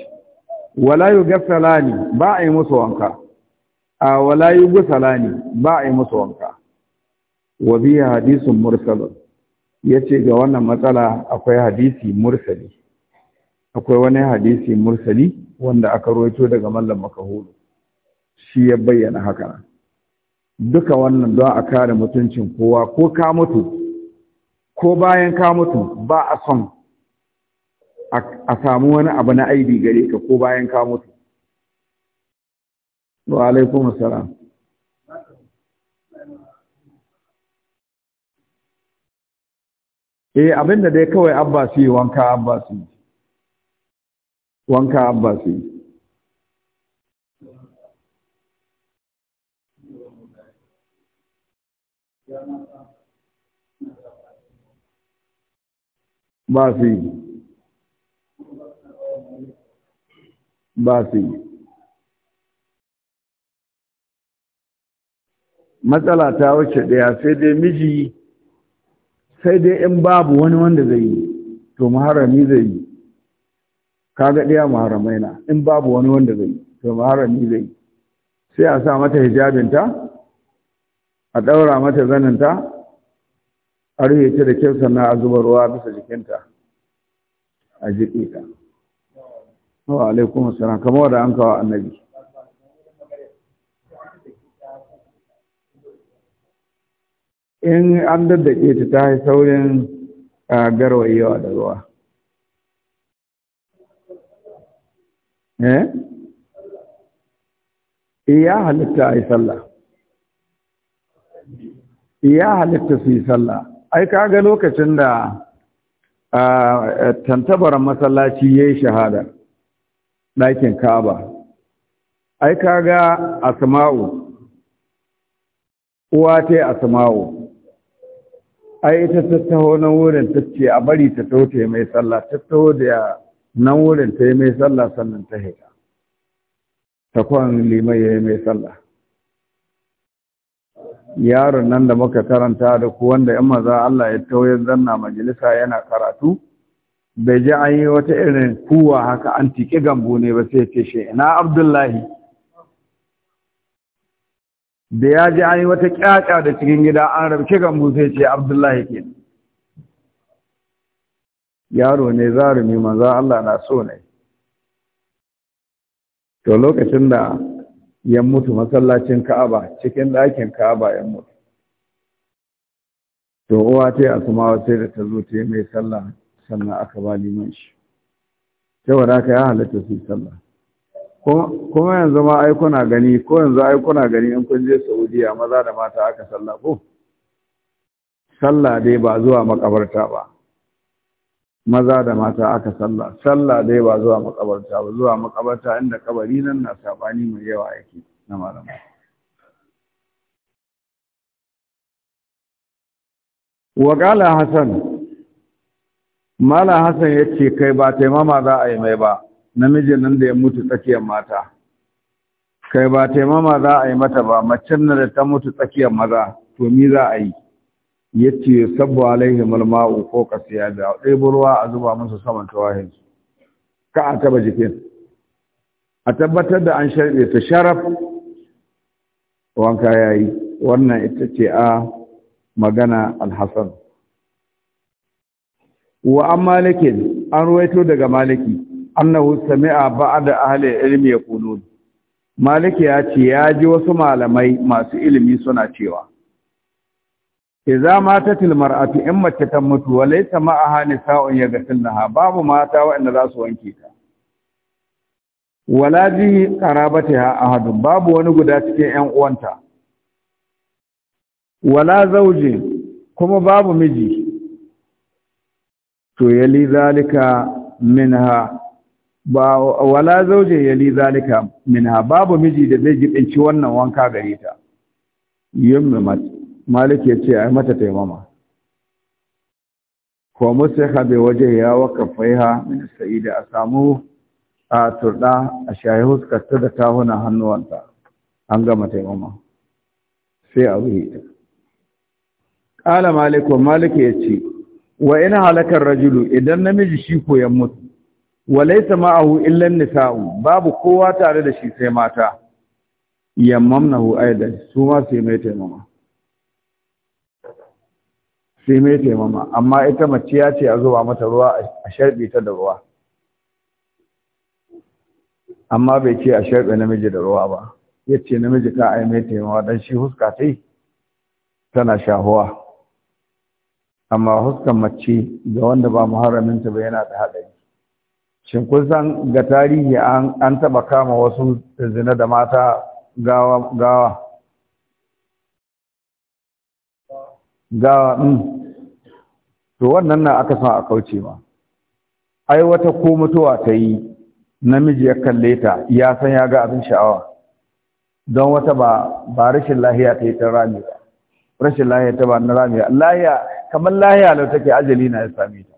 wala yi gasalani ba a yi musu wanka a wala yi gusalani ba a yi musu wanka wa biya hadisun mursalin ya ce ga wannan matsala akwai hadisi mursali akwai wani hadisi mursali wanda aka roito daga mallam makahulu shi ya bayyana haka duka wannan don a kare mutuncin kowa ko ka mutu ko bayan ka mutu ba a son a samu wani abu na aibi gare ka ko bayan ka mutu wa alaikum assalam eh abinda dai kawai abba su yi wanka abba su yi wanka abba basi basi matsala ta wuce daya sai dai miji sai dai in babu wani wanda zai yi to maharami zai yi kaga ɗaya maharamai na in babu wani wanda zai to maharami zai sai a sa mata hijabinta a ɗaura mata zaninta a rufe ta da kyau sannan a zuba ruwa bisa jikinta a jiƙe ta wa alaikum assalam kamar da an kawo annabi in an daddake ta ta yi saurin ah, garwayewa da ruwa Eh? eh ya halitta ai sallah eh, ya halitta su yi sallah ai kaga lokacin da tantabar masallaci yayi shahada ɗakin kaba, ai kaga Asma'u uwa ta Asma'u ai ita ta taho na wurin a bari ta taute mai sallah ta taho da nan wurin ta yi mai sallah sannan ta hita ta kwan limai ya yi mai sallah yaron nan da muka karanta da ku wanda yan maza Allah ya tauye zanna majalisa yana karatu bai ji an yi wata irin kuwa haka an tike gambo ne ba sai ce shi ina abdullahi da ya ji an yi wata kyakya da cikin gida an rabke gambo sai ce abdullahi kenan yaro ne zarumi manzan Allah na so ne to lokacin da ya mutu masallacin ka'aba cikin ɗakin ka'aba ya mutu to uwa ce a kuma sai da ta zo ta yi mai sallah sannan aka ba liman shi saboda aka ya halatta su sallah kuma yanzu ma ai kuna gani ko yanzu ai kuna gani in kun je Saudiya maza da mata aka sallah ko sallah dai ba zuwa makabarta ba maza da mata aka sallah sallah dai ba zuwa makabarta ba zuwa makabarta inda kabari nan na sabani mai yawa yake na malamai wakala hassan mala hassan ya ce kai ba taimama za a yi mai ba namijin nan da ya mutu tsakiyar mata kai ba taimama za a yi mata ba mace macen da ta mutu tsakiyar maza to ni za a yi yace sabbu alaihim alma'u fawqa siyabi ɗebo ruwa a zuba masa saman tawahin ka a taba jikin a tabbatar da an sharɗe ta sharaf wanka yayi wannan ita ce a magana Alhassan. wa an malikin an ruwaito daga maliki annahu sami'a ba'da ahli ilmi yaqulun maliki ya ce ya ji wasu malamai masu ilimi suna cewa idza matatil mar'atu in mace ta mutu wa laysa ma'aha nisa'un yaghsilnaha babu mata waɗanda za su wanke ta wala bi qarabatiha ahad babu wani guda cikin ƴan uwanta wala zauji kuma babu miji to yali zalika minha ba wala zauje yali zalika minha babu miji da zai jibinci wannan wanka gare ta yummat malik ya ce ai mata taimama ko musaiha bai waje ya waka faiha min sa'ida a samu a turda a shayi huskarta da tahuna hannuwanta an gama taimama sai a wuri ta ƙala malik wa malik ya ce wa ina halakar rajulu idan namiji shi koyan mutu walaisa ma'ahu illan nisa'u babu kowa tare da shi sai mata yammamnahu aidan su ma sai mai taimama sai mai taimama amma ita mace ya ce a zuba mata ruwa a sharbe ta da ruwa amma bai ce a sharbe namiji da ruwa ba ya ce namiji ka a yi mai taimama don shi huska ta tana shahuwa amma huskan mace ga wanda ba muharraminta ba yana da haɗari shin kun san ga tarihi an taɓa kama wasu zina da mata gawa ga to wannan na aka sa a kauce ma ai wata ko mutuwa ta yi namiji ya kalle ta ya san ya ga abin sha'awa don wata ba rashin lahiya ta yi ta rami ba rashin lahiya ta ba na rami lahiya kamar lahiya lau take ajali na ya same ta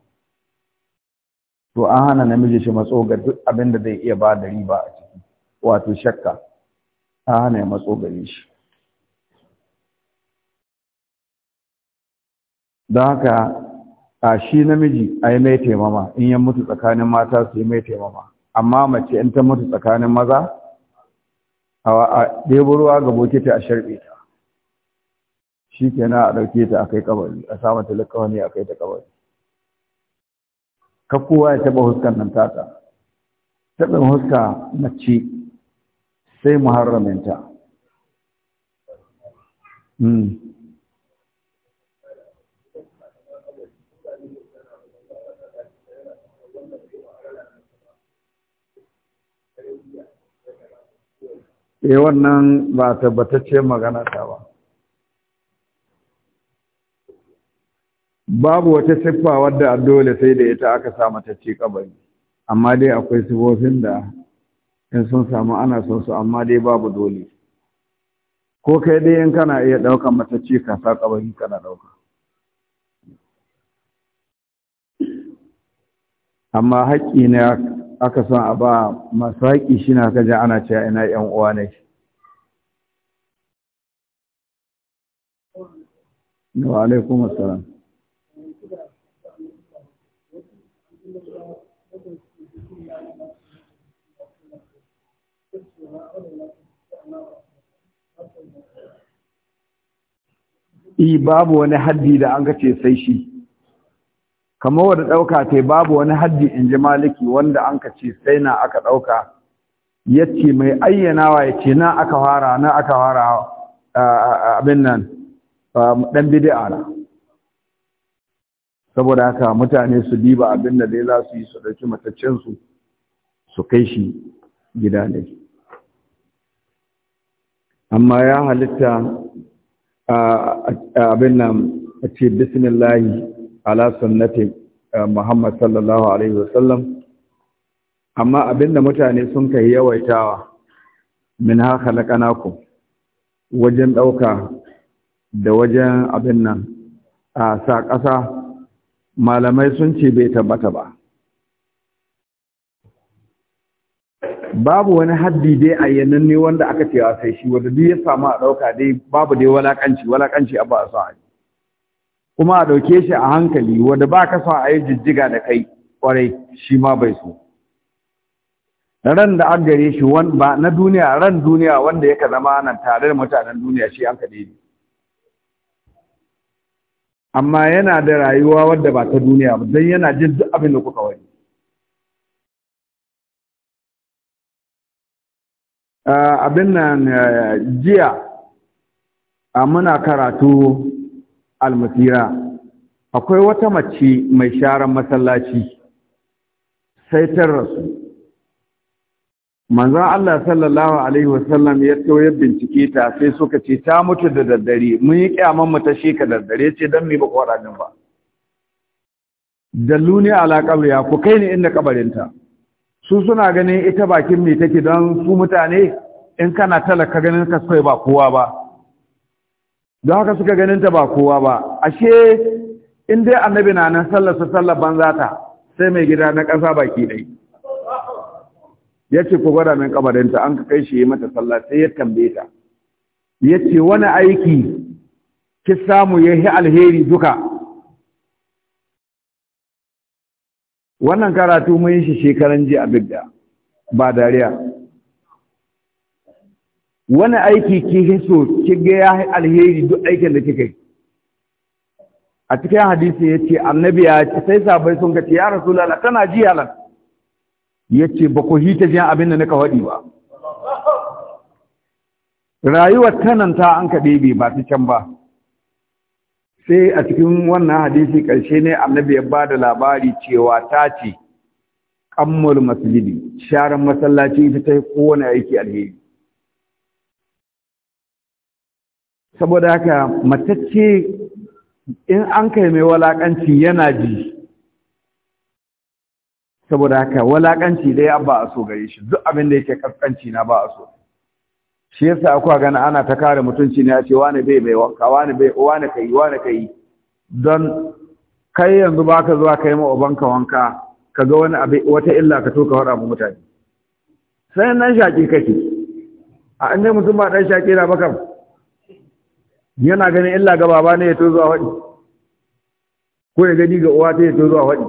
to an hana namiji shi matso ga duk abin da zai iya ba da riba a ciki wato shakka an hana ya matso gare shi don haka a shi namiji a yi mai taimama in ya mutu tsakanin mata su yi mai taimama amma mace in ta mutu tsakanin maza a ɗebo ruwa ga bokiti a sharɓe ta shi ke na a ɗauke ta a kai kabari a sa mata likawani a kai ta kabari ka kowa ya taɓa huskan nan tata taɓin huska mace sai muharraminta hmm. E, wannan ba tabbatacce magana ta ba babu wata siffa wadda dole sai da ita aka sa mata ci kabari amma dai akwai sifofin da in sun samu ana son su amma dai babu dole ko kai dai in kana iya ɗaukan mata ci ka sa kabari kana ɗauka amma haƙƙi na aka son a ba haƙi shi na kaji ana cewa ina ‘yan uwa ne wa alaikum assalam I babu wani haddi da an kace sai shi kamar wadda ɗauka ta babu wani haddi in ji maliki wanda an ka ce sai na aka ɗauka ya ce mai ayyanawa ya ce na aka fara na aka fara abin nan ɗan bidi'a na saboda haka mutane su diba abin da dai za su yi su ɗauki mataccensu su kai shi gida ne amma ya halitta abin nan a ce bismillahi ala sunnati eh, Muhammad sallallahu alaihi wasallam amma abinda mutane sun kai yawaitawa min ha khalaqanakum wajen dauka da wajen abin nan a sa ƙasa malamai sun ce bai tabbata ba babu wani haddi dai a ne wanda aka cewa sai shi wanda duk ya samu a ɗauka dai babu dai walakanci walakanci abba a sa'a kuma a ɗauke shi a hankali wanda ba ka son a yi jijjiga da kai kwarai shi ma bai so ran da an gare shi ba na duniya ran duniya wanda yaka zama nan tare da mutanen duniya shi an kaɗe ne amma yana da rayuwa wadda ba ta duniya ba don yana jin duk abin da kuka wani ah, abin nan eh, jiya muna karatu almasira akwai wata mace mai sharan masallaci sai ta rasu manzon Allah sallallahu alaihi wasallam ya tsoye bincike ta sai suka ce ta mutu da daddare mun yi kyaman mu ta sheka daddare ce dan mai ba ku ba dalluni ala ku kai ni inda kabarinta su suna ganin ita bakin me take don su mutane in kana talaka ganin ka ba kowa ba don haka suka ganin ta ba kowa ba ashe in dai annabi na nan sallarsa sallar banza ta sai mai gida na ƙasa baki ɗaya. ya ce ku gwada min kabarinta an kai shi mata sallah sai ya tambaye ta ya ce wani aiki ki samu ya yi alheri duka wannan karatu mun yi shi shekaran jiya a bidda ba dariya wani aiki ke hiso kiga gaya ya alheri duk aikin da kika yi a cikin hadisi ya ce annabi ya ce sai sabai sun ka ce ya rasulala tana ji lan. ya ce ba ku hita jiyan abin da na kawaɗi ba rayuwar tananta an ka bai ba su can ba sai a cikin wannan hadisi ƙarshe ne annabi ya ba da labari cewa ta ce ƙammul masjidi sharan masallaci ita ta yi kowane aiki alheri saboda haka matacce in an kai mai walakanci yana ji saboda haka walakanci dai ba a so gare shi duk abin da yake kaskanci na ba a so shi yasa akwai gana ana ta kare mutunci ne a ce wani bai bai wanka wani bai wani kai wani kai don kai yanzu baka zuwa kai ma ubanka wanka ka ga wani abu. wata illa ka to ka faɗa mu mutane sai nan shaki kake a inda mutum ba dan shaki na baka yana ganin illa ga baba ne ya to zuwa haɗi ko ya gani ga uwa ta ya to zuwa haɗi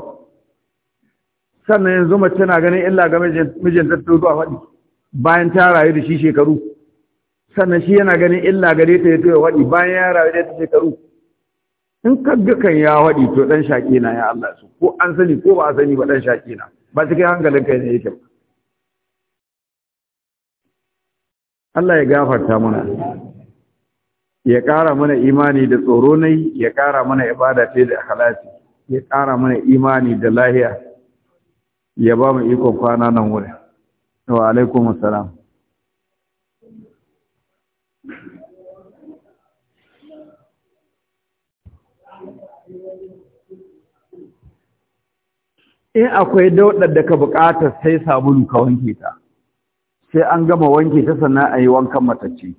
sannan yanzu mace na ganin illa ga mijinta to zuwa haɗi bayan ta rayu da shi shekaru sannan shi yana ganin illa gare ta ya to ya haɗi bayan ya rayu da ta shekaru in ga kan ya haɗi to ɗan shaƙe na ya Allah su ko an sani ko ba a sani ba ɗan shaƙe na ba cikin hankalin kai ne yake ba Allah ya gafarta mana. ya ƙara mana imani da tsoro nai ya ƙara mana ibada ce da akhlasi ya ƙara mana imani da lahiya ya ba mu ikon kwana nan wurin wa alaikum assalam in akwai daudar da ka buƙatar sai sabulu ka wanke ta sai an gama wanke ta sannan a wankan matacce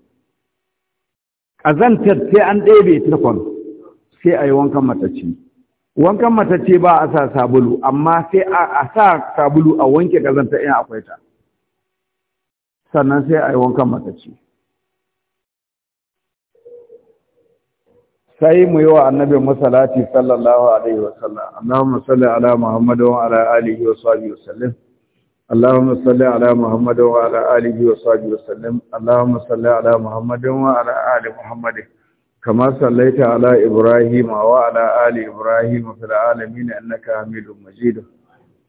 ƙazantar sai an ɗebe turkon sai a yi wankan matacce. wankan matacce ba a sa sabulu amma sai a sa sabulu a wanke ƙazantar in akwai ta sannan sai a yi wankan matacce. sai mu yi wa Annabi masalati sallallahu alaihi wasallam annabi masalli ala Muhammadu wa ala alihi wa wa sallam اللهم صل على محمد وعلى آله وصحبه وسلم اللهم صل على محمد وعلى آل محمد كما صليت على إبراهيم وعلى آل إبراهيم في العالمين أنك حميد مجيد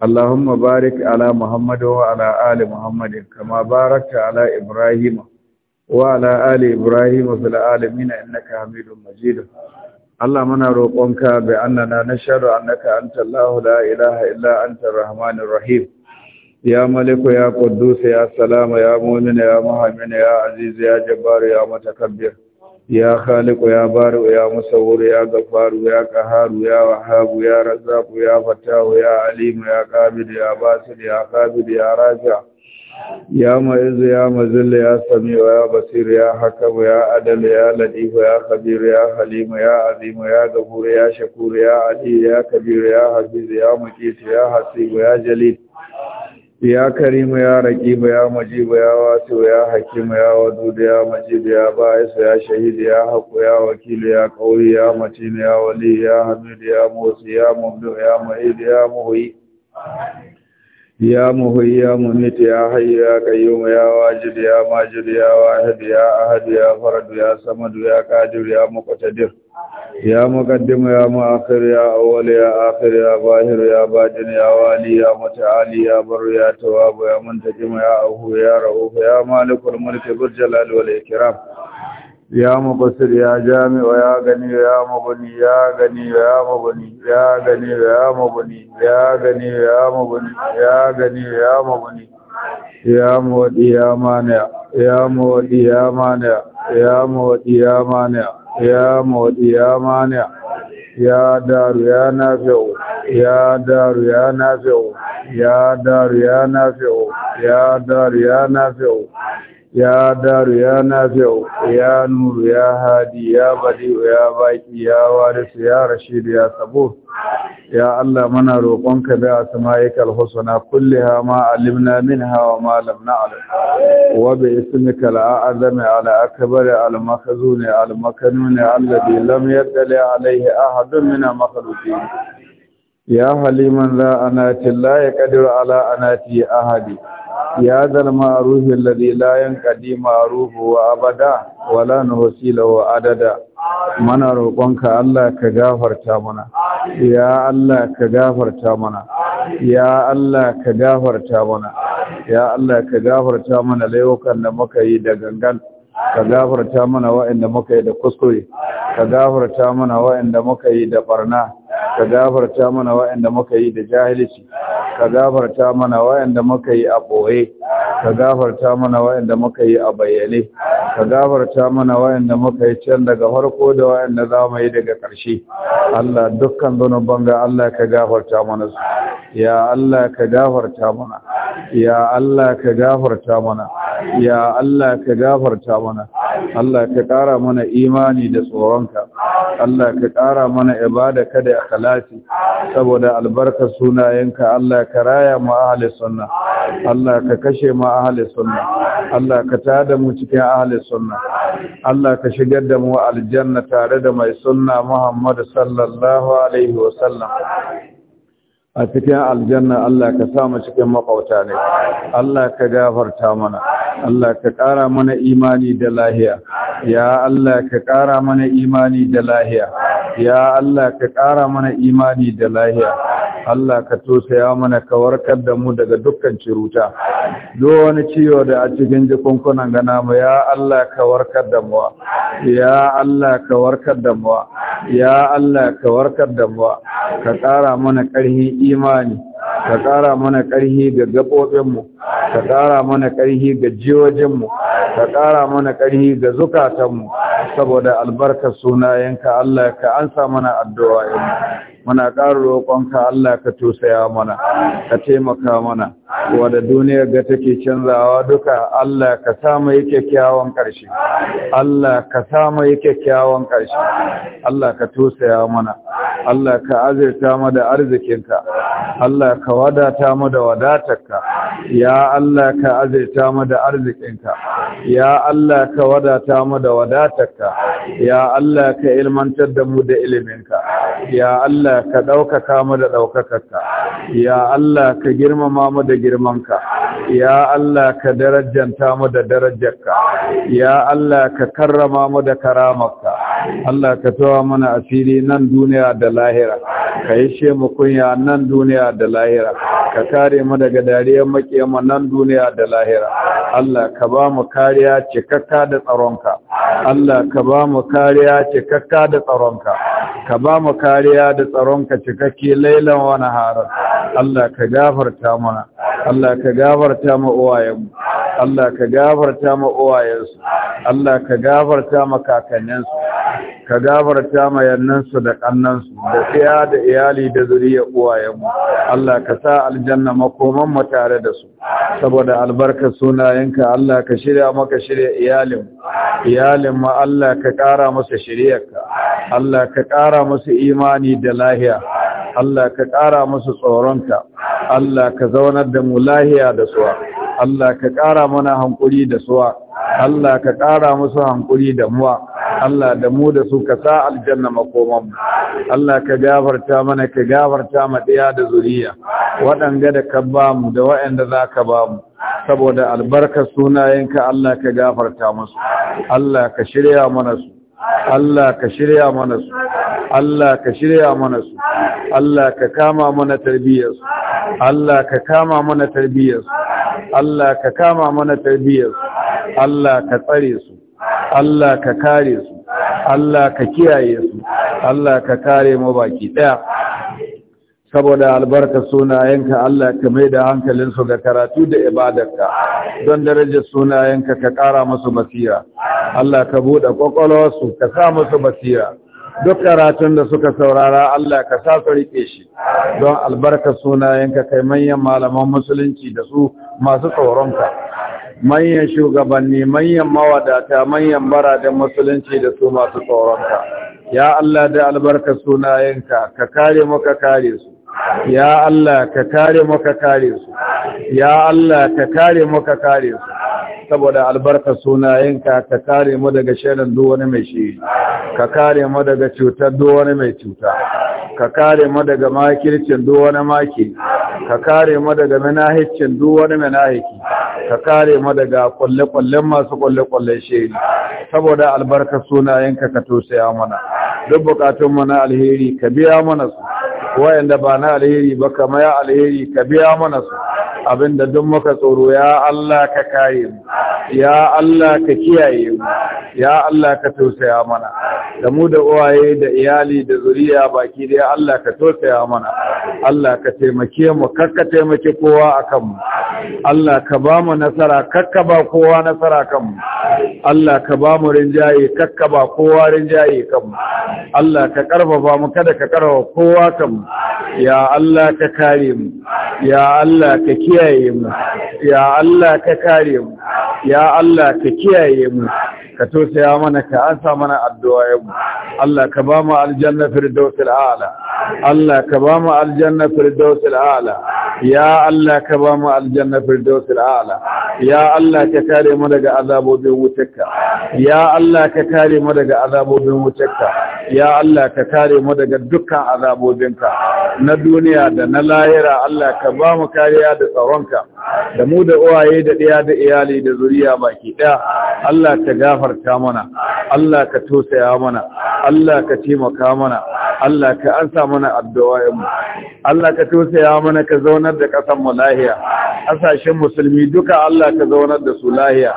اللهم بارك على محمد وعلى آل محمد كما باركت على إبراهيم وعلى آل إبراهيم في العالمين إنك حميد مجيد اللهم أنا روقك بأننا نشهد أنك أنت الله لا إله إلا أنت الرحمن الرحيم يا ملك يا قدوس يا سلام يا مؤمن يا مهيمن يا عزيز يا جبار يا متكبر يا خالق يا بارئ يا مصور يا غفار يا قهار يا وهاب يا رزاق يا فتاح يا عليم يا قابض يا باسط يا قابض يا راجع يا معز يا مذل يا سميع يا بصير يا حكم يا عدل يا لطيف يا خبير يا حليم يا عظيم يا غفور يا شكور يا علي يا كبير يا حفيظ يا مقيت يا حسيب يا جليل ya karimu ya raki raƙibu ya majibu ya wasu ya hakimu ya wadu da ya majibu ya ba'isu ya shahidu ya haku ya wakilu ya ƙauri ya macinu ya wali ya hamidu ya motsi ya mummu ya ma'idu ya muhuyi ya muhuyi ya muniti ya hayi ya kayyumu ya wajidu ya majidu ya wahidu ya ahadu ya faradu ya samadu ya kadiru ya muƙatadiru يا مقدم يا مؤخر يا أول يا آخر يا باهر يا باجن يا والي يا متعالي يا بر يا تواب يا منتجم يا أهو يا رؤوف يا مالك الملك بالجلال والإكرام يا مقصر يا جامع يا غني يا مغني يا غني يا مغني يا غني يا مغني يا غني يا مغني يا غني يا مغني يا مودي يا مانع يا مودي يا مانع يا مودي يا مانع ya mawaɗi ya maniya ya daru ya nafi'o ya daru ya nafi'o ya daru ya nafi'o ya daru ya nafi'o ya daru ya nafi'u ya nuru ya hadi ya bari ya baki ya warisu ya rashid ya sabo ya allah muna roƙonka bi asma'ikal husna kulliha ma alimna minha wa ma lam na'lam wa bi ismika al'azam ala akbar al makhzun al makanun alladhi lam yatali alayhi ahad min al ya haliman la anati la yaqdiru ala anati ahadi Ya zalma يا ذا المعروف الذي لا wa abada? Wala na نحصي له adada. muna roƙonka Allah ka gafarta mana ya Allah ka gafarta mana ya Allah ka gafarta mana ya Allah ka gafarta mana laifukan da muka yi da gangan ka gafarta mana waɗanda muka yi da kuskure ka gafarta mana waɗanda muka yi da barna ka gafarta mana waɗanda muka yi da jahilci ka gafarta mana wayanda muka yi a ɓoye ka gafarta mana wayanda muka yi a bayyane ka gafarta mana wayanda muka yi can daga farko da wayanda za mu yi daga ƙarshe Allah dukkan zunuban ga Allah ka gafarta mana su ya Allah ka gafarta mana ya Allah ka gafarta mana ya Allah ka gafarta mana Allah ka ƙara mana imani da tsoronka Allah ka ƙara mana ibada kada ikhlasi saboda albarkar sunayenka Allah Karaya mu ahli sunna Allah ka kashe mu ahli sunna Allah ka tada mu cikin ahli sunna Allah ka shigar da mu aljanna tare da mai sunna Muhammad sallallahu alaihi wa sallam. a cikin aljanna Allah ka sa mu cikin makauta ne Allah ka gafarta mana Allah ka ƙara mana imani da lahiya ya Allah ka ƙara mana imani da lahiya ya Allah ka ƙara mana imani da lahiya Allah ka tosaya mana ka warkar da mu daga dukkan ciruta duk wani ciwo da a cikin jikunkunan gana mu ya Allah ka warkar da mu ya Allah ka warkar da mu ya Allah ka warkar da mu ka ƙara mana ƙarfin imani ka ƙara mana ƙarhi ga gaɓoɓinmu ka ƙara mana ƙarhi ga jiwajinmu ka ƙara mana ƙarhi ga zukatanmu saboda albarkar sunayenka Allah ka ansa mana addu'a muna ƙara roƙonka Allah ka tusaya mana ka taimaka mana wadda duniyar ga take canzawa duka Allah ka samu yi kyakkyawan ƙarshe Allah ka samu yi kyakkyawan ƙarshe Allah ka tusaya mana Allah ka azirta mana arzikinka Allah Allah ka wadata mu da wadatarka ya Allah ka azaita mu da arzikinka ya Allah ka wadata mu da wadatarka ya Allah ka ilmantar da mu da iliminka ya Allah ka ɗaukaka mu da ɗaukakarka ya Allah ka girmama mu da girmanka ya Allah ka darajanta mu da darajarka ya Allah ka karrama mu da karamarka Allah ka tawa mana asiri nan duniya da lahira ka yi mu kunya nan duniya da lahira ka kare mu daga dariyar makiyama nan duniya da lahira Allah ka ba mu kariya cikakka da tsaronka Allah ka ba mu kariya cikakka da tsaronka ka ba mu kariya da tsaronka cikakke lailan wani harar Allah ka gafarta mana Allah ka gafarta mu uwayenmu Allah ka gafarta mu uwayensu Allah ka gafarta ma kakanninsu ka gafarta ma yannansu da kannansu da tsaya da iyali da zuriya uwayenmu Allah ka sa aljanna makoman mu tare da su saboda albarkar sunayenka Allah ka shirya maka shirya iyalin iyalin mu Allah ka ƙara masa shiryarka Allah ka ƙara musu imani da lahiya Allah ka ƙara musu tsoronka Allah ka zaunar da mu lahiya da suwa Allah ka ƙara mana hankuri da suwa Allah ka ƙara musu hankuri da muwa Allah da mu da su ka sa aljanna makoman Allah ka gafarta mana ka gafarta ma ɗaya da zuriya waɗanga da ka ba mu da waɗanda za ka ba mu saboda albarkar sunayenka Allah ka gafarta musu Allah ka shirya mana su Allah ka shirya mana su Allah ka shirya mana su Allah ka kama mana tarbiyyar su Allah ka kama mana tarbiyyar su Allah ka kama mana tarbiyyar su Allah ka tsare su Allah ka kare su Allah ka kiyaye su Allah ka kare mu baki ɗaya. saboda albarka sunayenka Allah ka mai da hankalinsu ga karatu da ibadarka don darajar sunayenka ka ƙara musu basira Allah ka buɗe ƙwaƙwalwarsu ka sa musu basira duk karatun da suka saurara Allah ka sa su riƙe shi don albarka sunayenka kai manyan malaman musulunci da su masu tsoronka manyan shugabanni manyan mawadata manyan baraden musulunci da su masu tsoronka ya Allah da albarka sunayenka ka kare mu ka kare su ya Allah ka kare mu ka kare su ya Allah ka kare mu ka kare su saboda albarka sunayenka ka kare mu daga shirin duk wani mai shi ka kare mu daga cutar duk wani mai cuta ka kare mu daga makircin duk wani maki ka kare mu daga manahicin duk wani manahiki ka kare mu daga kwalle-kwallen masu kwalle-kwallen shi saboda albarka sunayenka ka tosaya mana duk bukatun mu na alheri ka biya mana su wayanda ba na alheri ba kamar ya alheri ka biya mana su abinda duk muka tsoro ya Allah ka kare mu ya Allah ka kiyaye mu ya Allah ka tausaya mana da mu da uwaye da iyali da zuriya baki da Allah ka tausaya mana Allah ka taimake mu kakka taimake kowa akan mu Allah ka ba mu nasara kakka ba kowa nasara kan mu Allah ka ba mu rinjaye kakka ba kowa rinjaye kan mu Allah ka karfafa mu kada ka karfafa kowa kan mu ya Allah ka kare mu ya Allah ka kiyaye mu ya Allah ka kare mu ya Allah ka kiyaye mu ka tausaya mana ka ansa mana addu'a mu Allah ka ba mu aljanna firdausil a'la Allah ka ba mu aljanna firdausil a'la ya Allah ka ba mu aljanna firdausil a'la ya Allah ka kare mu daga azabobin wutarka ya Allah ka kare mu daga azabobin wutarka ya Allah ka kare mu daga dukkan azabobinka na duniya da na lahira Allah ka ba mu kariya da tsaronka da mu da uwaye da ɗaya da iyali da zuriya baki ɗaya Allah ka gafarta mana Allah ka tosaya mana Allah ka taimaka mana Allah ka ansa mana addu'a mu Allah ka tosaya mana ka zaunar da ƙasar mu lahiya Hasashen musulmi duka Allah ka zaunar da su lahiya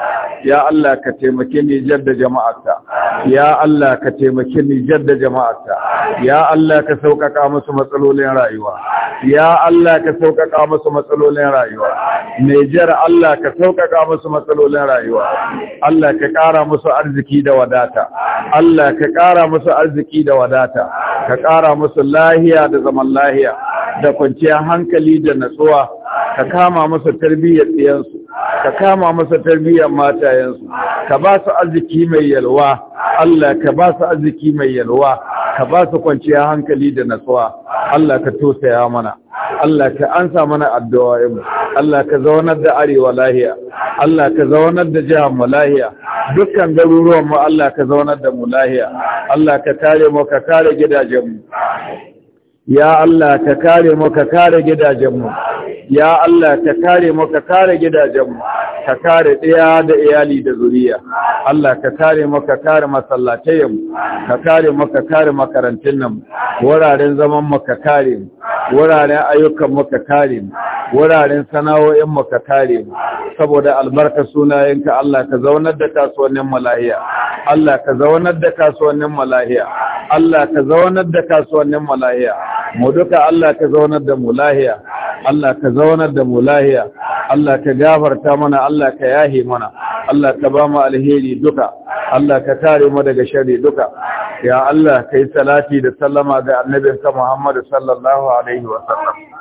ya Allah ka taimake ni da jama'arta ya Allah ka taimake ni da jama'arta ya Allah ka sauƙaƙa musu matsalolin rayuwa ya Allah ka sauƙaƙa musu matsalolin rayuwa Nijar Allah ka sauƙaƙa musu matsalolin rayuwa Allah ka ƙara musu arziki da wadata Allah ka ƙara musu arziki da wadata ka ƙara musu lahiya da zaman lahiya da kwanciyar hankali da natsuwa ka kama masa tarbiyyar ɗiyansu ka kama masa tarbiyyar matayensu ka ba su arziki mai yalwa Allah ka ba su arziki mai yalwa ka ba su kwanciya hankali da natsuwa Allah ka tosaya mana Allah ka ansa mana addu'o'inmu Allah ka zaunar da arewa lahiya Allah ka zaunar da jihar mu lahiya dukkan garuruwan mu Allah ka zaunar da mu lahiya Allah ka kare mu ka kare gidajen mu ya Allah ka kare mu ka kare gidajenmu ya Allah ka kare mu ka kare gidajenmu ka kare ɗaya da iyali da zuriya Allah ka kare mu ka kare masallatayenmu ka kare mu ka kare makarantun nan wuraren zaman mu ka kare mu wuraren ayyukan mu ka kare mu wuraren sana'o'in mu ka kare mu saboda albarka sunayenka Allah ka zaunar da kasuwannin mu lahiya Allah ka zaunar da kasuwannin mu lahiya Allah ka zaunar da kasuwannin mu lahiya mu duka Allah ka zaunar da mu lahiya Allah ka zaunar da mu lahiya Allah ka gafarta mana Allah ka yahe mana Allah ka ba mu alheri duka Allah ka kare mu daga sharri duka ya Allah kai salati da sallama ga annabinka Muhammad sallallahu alaihi wa sallam